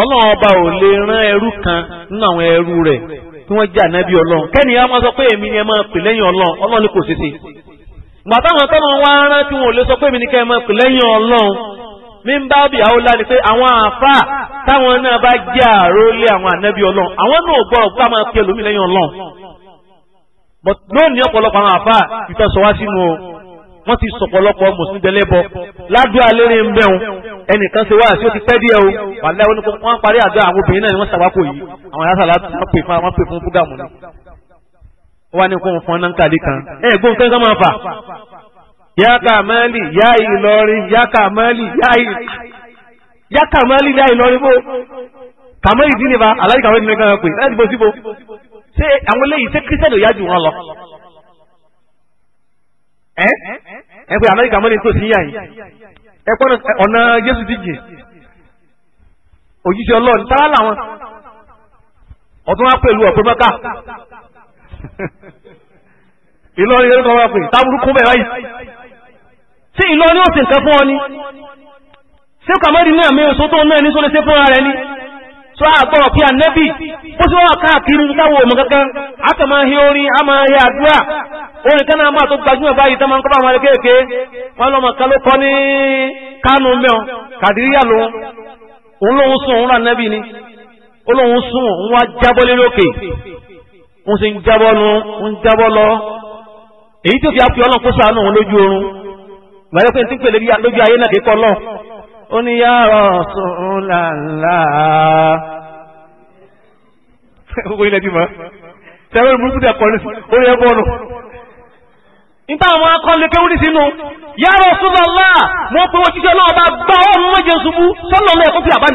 ọlọ́run ọba ò lè rán ẹrú kan nínú àwọn ẹrú rẹ̀ tí wọ́n jẹ́ ànábì ọlọ́run kẹ́nìyàn máa sọ pé èmi ni ẹ máa pè lẹ́yìn ọlọ́run ọlọ́run ni kò ṣe ṣe gbà táwọn tọ́nà wá rán tí wọn ò lè sọ pé èmi ni kẹ́ ẹ máa pè lẹ́yìn ọlọ́run mi ń bá bí àwọn ọlá ni pé àwọn àáfà táwọn náà bá jẹ́ àrólé àwọn ànábì ọlọ́run àwọn náà gbọ́rọ̀ pé a máa pe ẹlòmíì lẹ́yìn ọlọ́run but lónìí ọ̀pọ̀lọpọ̀ àwọn àáfà ìtọ́sọ̀wá sínú o ti sọ̀pọ̀lọpọ̀ mùsùlùmí dẹ́lẹ́bọ ládùúgbò alẹ́rìn ń bẹ̀rùn ẹnìkan ṣe wáyà tí ó ti pẹ́ díẹ̀ o wàlẹ́ wọn wọ́n parí àjọ àwọn obìnrin náà ni wọ́n ṣàwákò yìí àwọn yàtọ̀ láti wọ́n pè fún wọ́n pè fún búgàmù ni. wọ́n ní kó ń fọn nánkàlí kan ẹ gbóhùn kankan máa fà. yáka mẹ́lì yá Ìlọrin yáka mẹ́lì yá ìlú yáka mẹ́lì yá Ìlọrin bó kàmọ́ ìdí ni ba aláì kàmọ́ ìdí ni kan pè láti bó síbo ṣé àwọn eléyìí ṣé kírísítẹ́nì yá jù wọn lọ. ẹ ẹ pé aláì kàmọ́ ni tó sí yá yìí ẹ̀pọ́n ọ̀nà Jésù ti jìn òjíṣẹ́ ọlọ́run tára làwọn ọ̀tún wá pẹ̀lú ọ̀pẹ mọ́ká (laughs) Ìlọrin yẹn ló wá pè táburúkú bẹ́ẹ̀ báyìí tí Ìlọrin ó sì nǹkan fún ọ ni ṣé kàmọ́rin náà mi ò sótó náà ní sólẹ́sẹ́ fúnra rẹ ni tó àgbọ̀ kí ànẹ́bì bó sí wọ́n káàkiri táwọn ọmọ kankan aka máa hí orin a máa hí àdúrà orin kan náà máa tó gbajúmọ̀ báyìí tó máa ń kọ́ bá wọn kéèké wọn lọ́mọ kan ló kọ́ ní kánú mẹ́ọ̀ kàdíríyà lòun òun lòun sùn òun ànẹ́bì ni ó lòun sùn òun wá jábọ́ lé lókè òun sì ń jábọ́ nu ń jábọ́ lọ èyí tó fi apẹ́ ọlọ́run kó sàánù òun lójú oorun ìgbàlẹ́ pé ń pèlè lójú ayé náà kékọ́ ọlọ́run ó ní yàrá sùn lànà. gbogbo ilẹ̀ ti mọ̀ sẹ́wọ́n burúkú tẹ̀ kọ́ni ó yẹ bọ́ọ̀lù. nípa àwọn akọ́lé kéwúrí sínú yàrá sùn lànà mo pe òṣìṣẹ́ náà bá gbá ọ̀run méje ṣubú sọ́nà ọ̀nà ẹ̀kọ́ fi àbá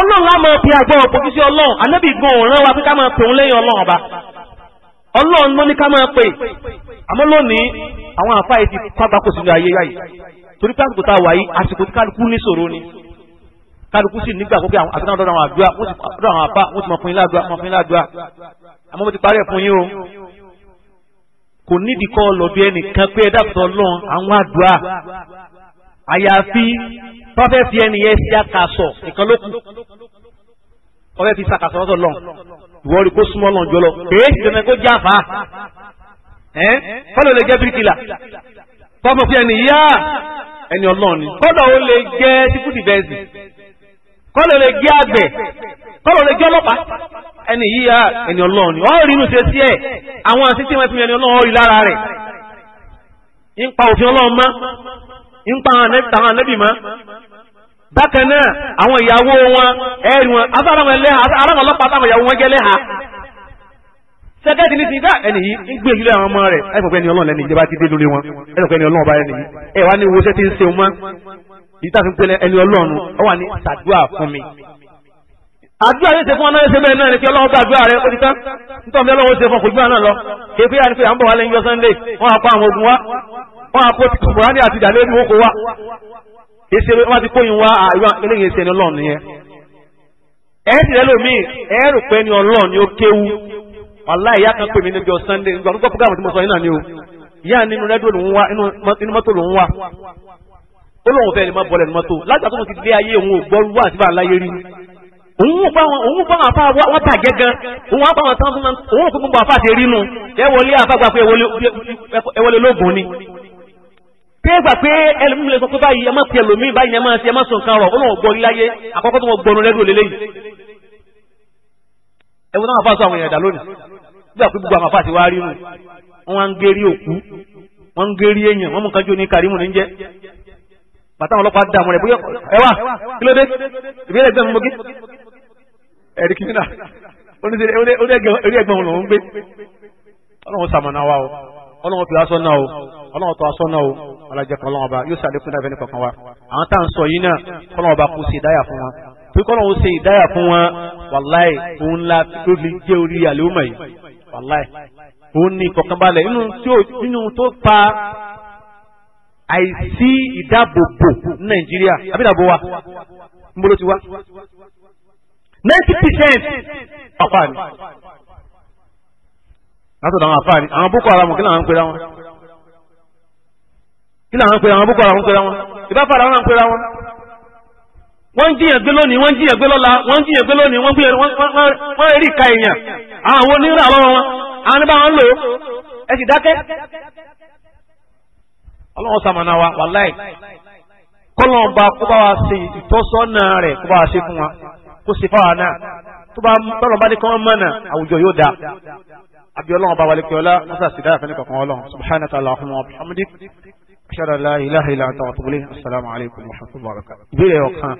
ọlọ́run á máa pe àgbọ̀ ọlọ́run ànábì wa pé ká máa pè òun lẹ́yìn ọlọ́run ọba ọlọ́run ló ní ká àmọ́ lónìí àwọn àfa yìí ti fagbá kó sínú ayé yáyìí torí pé àsìkò tá a wà yìí àsìkò tí kálukú ní ṣòro ni kálukú sì nígbà pé àti náà dọ́dọ̀ àwọn àdúrà wọ́n ti dọ́dọ̀ àwọn àfa wọ́n ti mọ̀ fún yín ládùá mọ̀ fún yín ládùá àmọ́ mo ti parí ẹ̀ fún yín o kò nídìí kọ́ lọ́bí ẹnìkan pé ẹ̀dá tó lọ́n àwọn àdúrà àyàfi pọ́fẹ́sì ẹni yẹn ṣe àkàsọ̀ nìkan ló kù pọ́fẹ́sì ṣàkàsọ̀ lọ́sọ̀ lọ́n ìwọ́rí kó súnmọ́ lọ́n jọlọ kèé sì tẹ́lẹ̀ kó jáfa ẹ́ eh? fọ́lọ̀ lè jẹ́ bíríkìlà fọ́mọ̀ fi ẹni yá ẹni ni kọ́lọ̀ ó lè jẹ́ síkú dìbẹ́sì kọ́lọ̀ lè jẹ́ àgbẹ̀ kọ́lọ̀ lè jẹ́ ọlọ́pàá ẹni yíyá ẹni ni ọ́ rí inú ṣe sí ẹ̀ àwọn fi ẹni rí lára òfin àwọn bákan náà àwọn ìyàwó wọn wọn sẹ́kẹ́tì ní ti gbá ẹni yìí ń gbé ìlú àwọn ọmọ rẹ̀ ẹ̀fọ̀pẹ́ ni ọlọ́run lẹ́ni ìjọba ti dé lórí wọn ẹ̀fọ̀pẹ́ ni ọlọ́run ọba ẹni yìí ẹ̀ wá ní wo ṣẹ́ ti ń ṣe wọn yìí tá a fi ń pè ẹni ọlọ́run ọ wà ní ṣàdúrà fún mi. àdúrà yóò ṣe fún ọlọ́run ṣe bẹ́ẹ̀ náà ni pé ọlọ́run bá àdúrà rẹ ó ti tán nítorí ọlọ́run ṣe fún kò wàláì ya kan pè mí níjọ sunday nígbà tó gbọ́ programu tí mo sọ yín náà ni o ìyá nínú rẹ́díò ló ń wá inú mọ́tò ló ń wá ó lóun fẹ́ ni mọ́ bọ́lẹ̀ ní mọ́tò lágbà tó ti dé ayé òun ò gbọ́ wá àti bá láyé rí òun bá wọn òun bá wọn afa wọn bàjẹ́ gan òun bá wọn tán fún òun kò gbogbo afa ti rí nu ẹ wọlé afa gba pé ẹ wọlé lóògùn ni téègbà pé ẹlòmíì lè sọ pé báyìí ẹ má ti ẹlòmíì báyìí ẹ má ti ẹ má sọ nǹkan rọ ọlọ́wọ́ gbọ́ iláyé àkọ́kọ́ tó wọ́n gbọ́nu rẹ́díò lélẹ́yìí ẹ wọ́n náà fà sọ àwọn èèyàn dà lónìí gbà pé gbogbo àwọn àfáàsì wa rí nù wọ́n ń gérí òkú wọ́n ń gérí èèyàn wọ́n mú nǹkan jó ní kàrímù ní jẹ́ bàtà àwọn ọlọ́pàá dààmú rẹ̀ bóyá ẹ wá kí ló dé ìbéèrè gbẹ̀mú mọ́gí ẹ̀rí kìíní náà orí ẹgbẹ̀rún lòún gbé ọlọ́run sàmọ̀nà wa o ọlọ́run tó aṣọ náà o ọlọ́run tó aṣọ náà o alájẹkọ̀ ọlọ́run ọba yóò ṣàlékún náà fẹ́ni kankan wa àwọn tá à ń sọ yìí náà kọ́lọ́run ọba kò ṣe ìdáyà fún wọn pé kọ́lọ́run ṣe ìdáyà fún wọn wàláì òun la ló jẹ́ orí àlè wàláì òun ni ìfọ̀kànbalẹ̀ nínú tó pa àìsí ìdáàbòbò ní nàìjíríà àbídàbò wa níbo ló ti wá ninety percent àfààní látọ̀dọ̀ àwọn àfààní àwọn boko haram kí làwọn ń pera wọn kí làwọn ń pera wọn boko haram ń pera wọn ìbáfàdà wọn ń pera wọn wọ́n ń jiyàn gbé lónìí wọ́n ń jiyàn gbé lọ́la wọ́n ń jiyàn gbé lónìí wọ́n ń gbé wọ́n rí ìka èèyàn àwọn onírà lọ́wọ́ wọn àwọn níbà wọn lò ó ẹ sì dákẹ́. ọlọ́run sàmànà wa wàláì kọ́lọ́n bá kó bá wa ṣe ìtọ́sọ́nà rẹ̀ kó bá wa ṣe fún wa kó ṣe fáwa náà tó bá tọ́lọ̀ bá ní kí wọ́n mọ̀nà àwùjọ yóò dáa àbí ọlọ́run bá wà lẹ́kẹ́ ọlá musa sì dára fẹ́ni kankan ọlọ́run subhanahu wa ta'ala wa bihamdik la ilaha illa assalamu alaykum wa rahmatullahi wa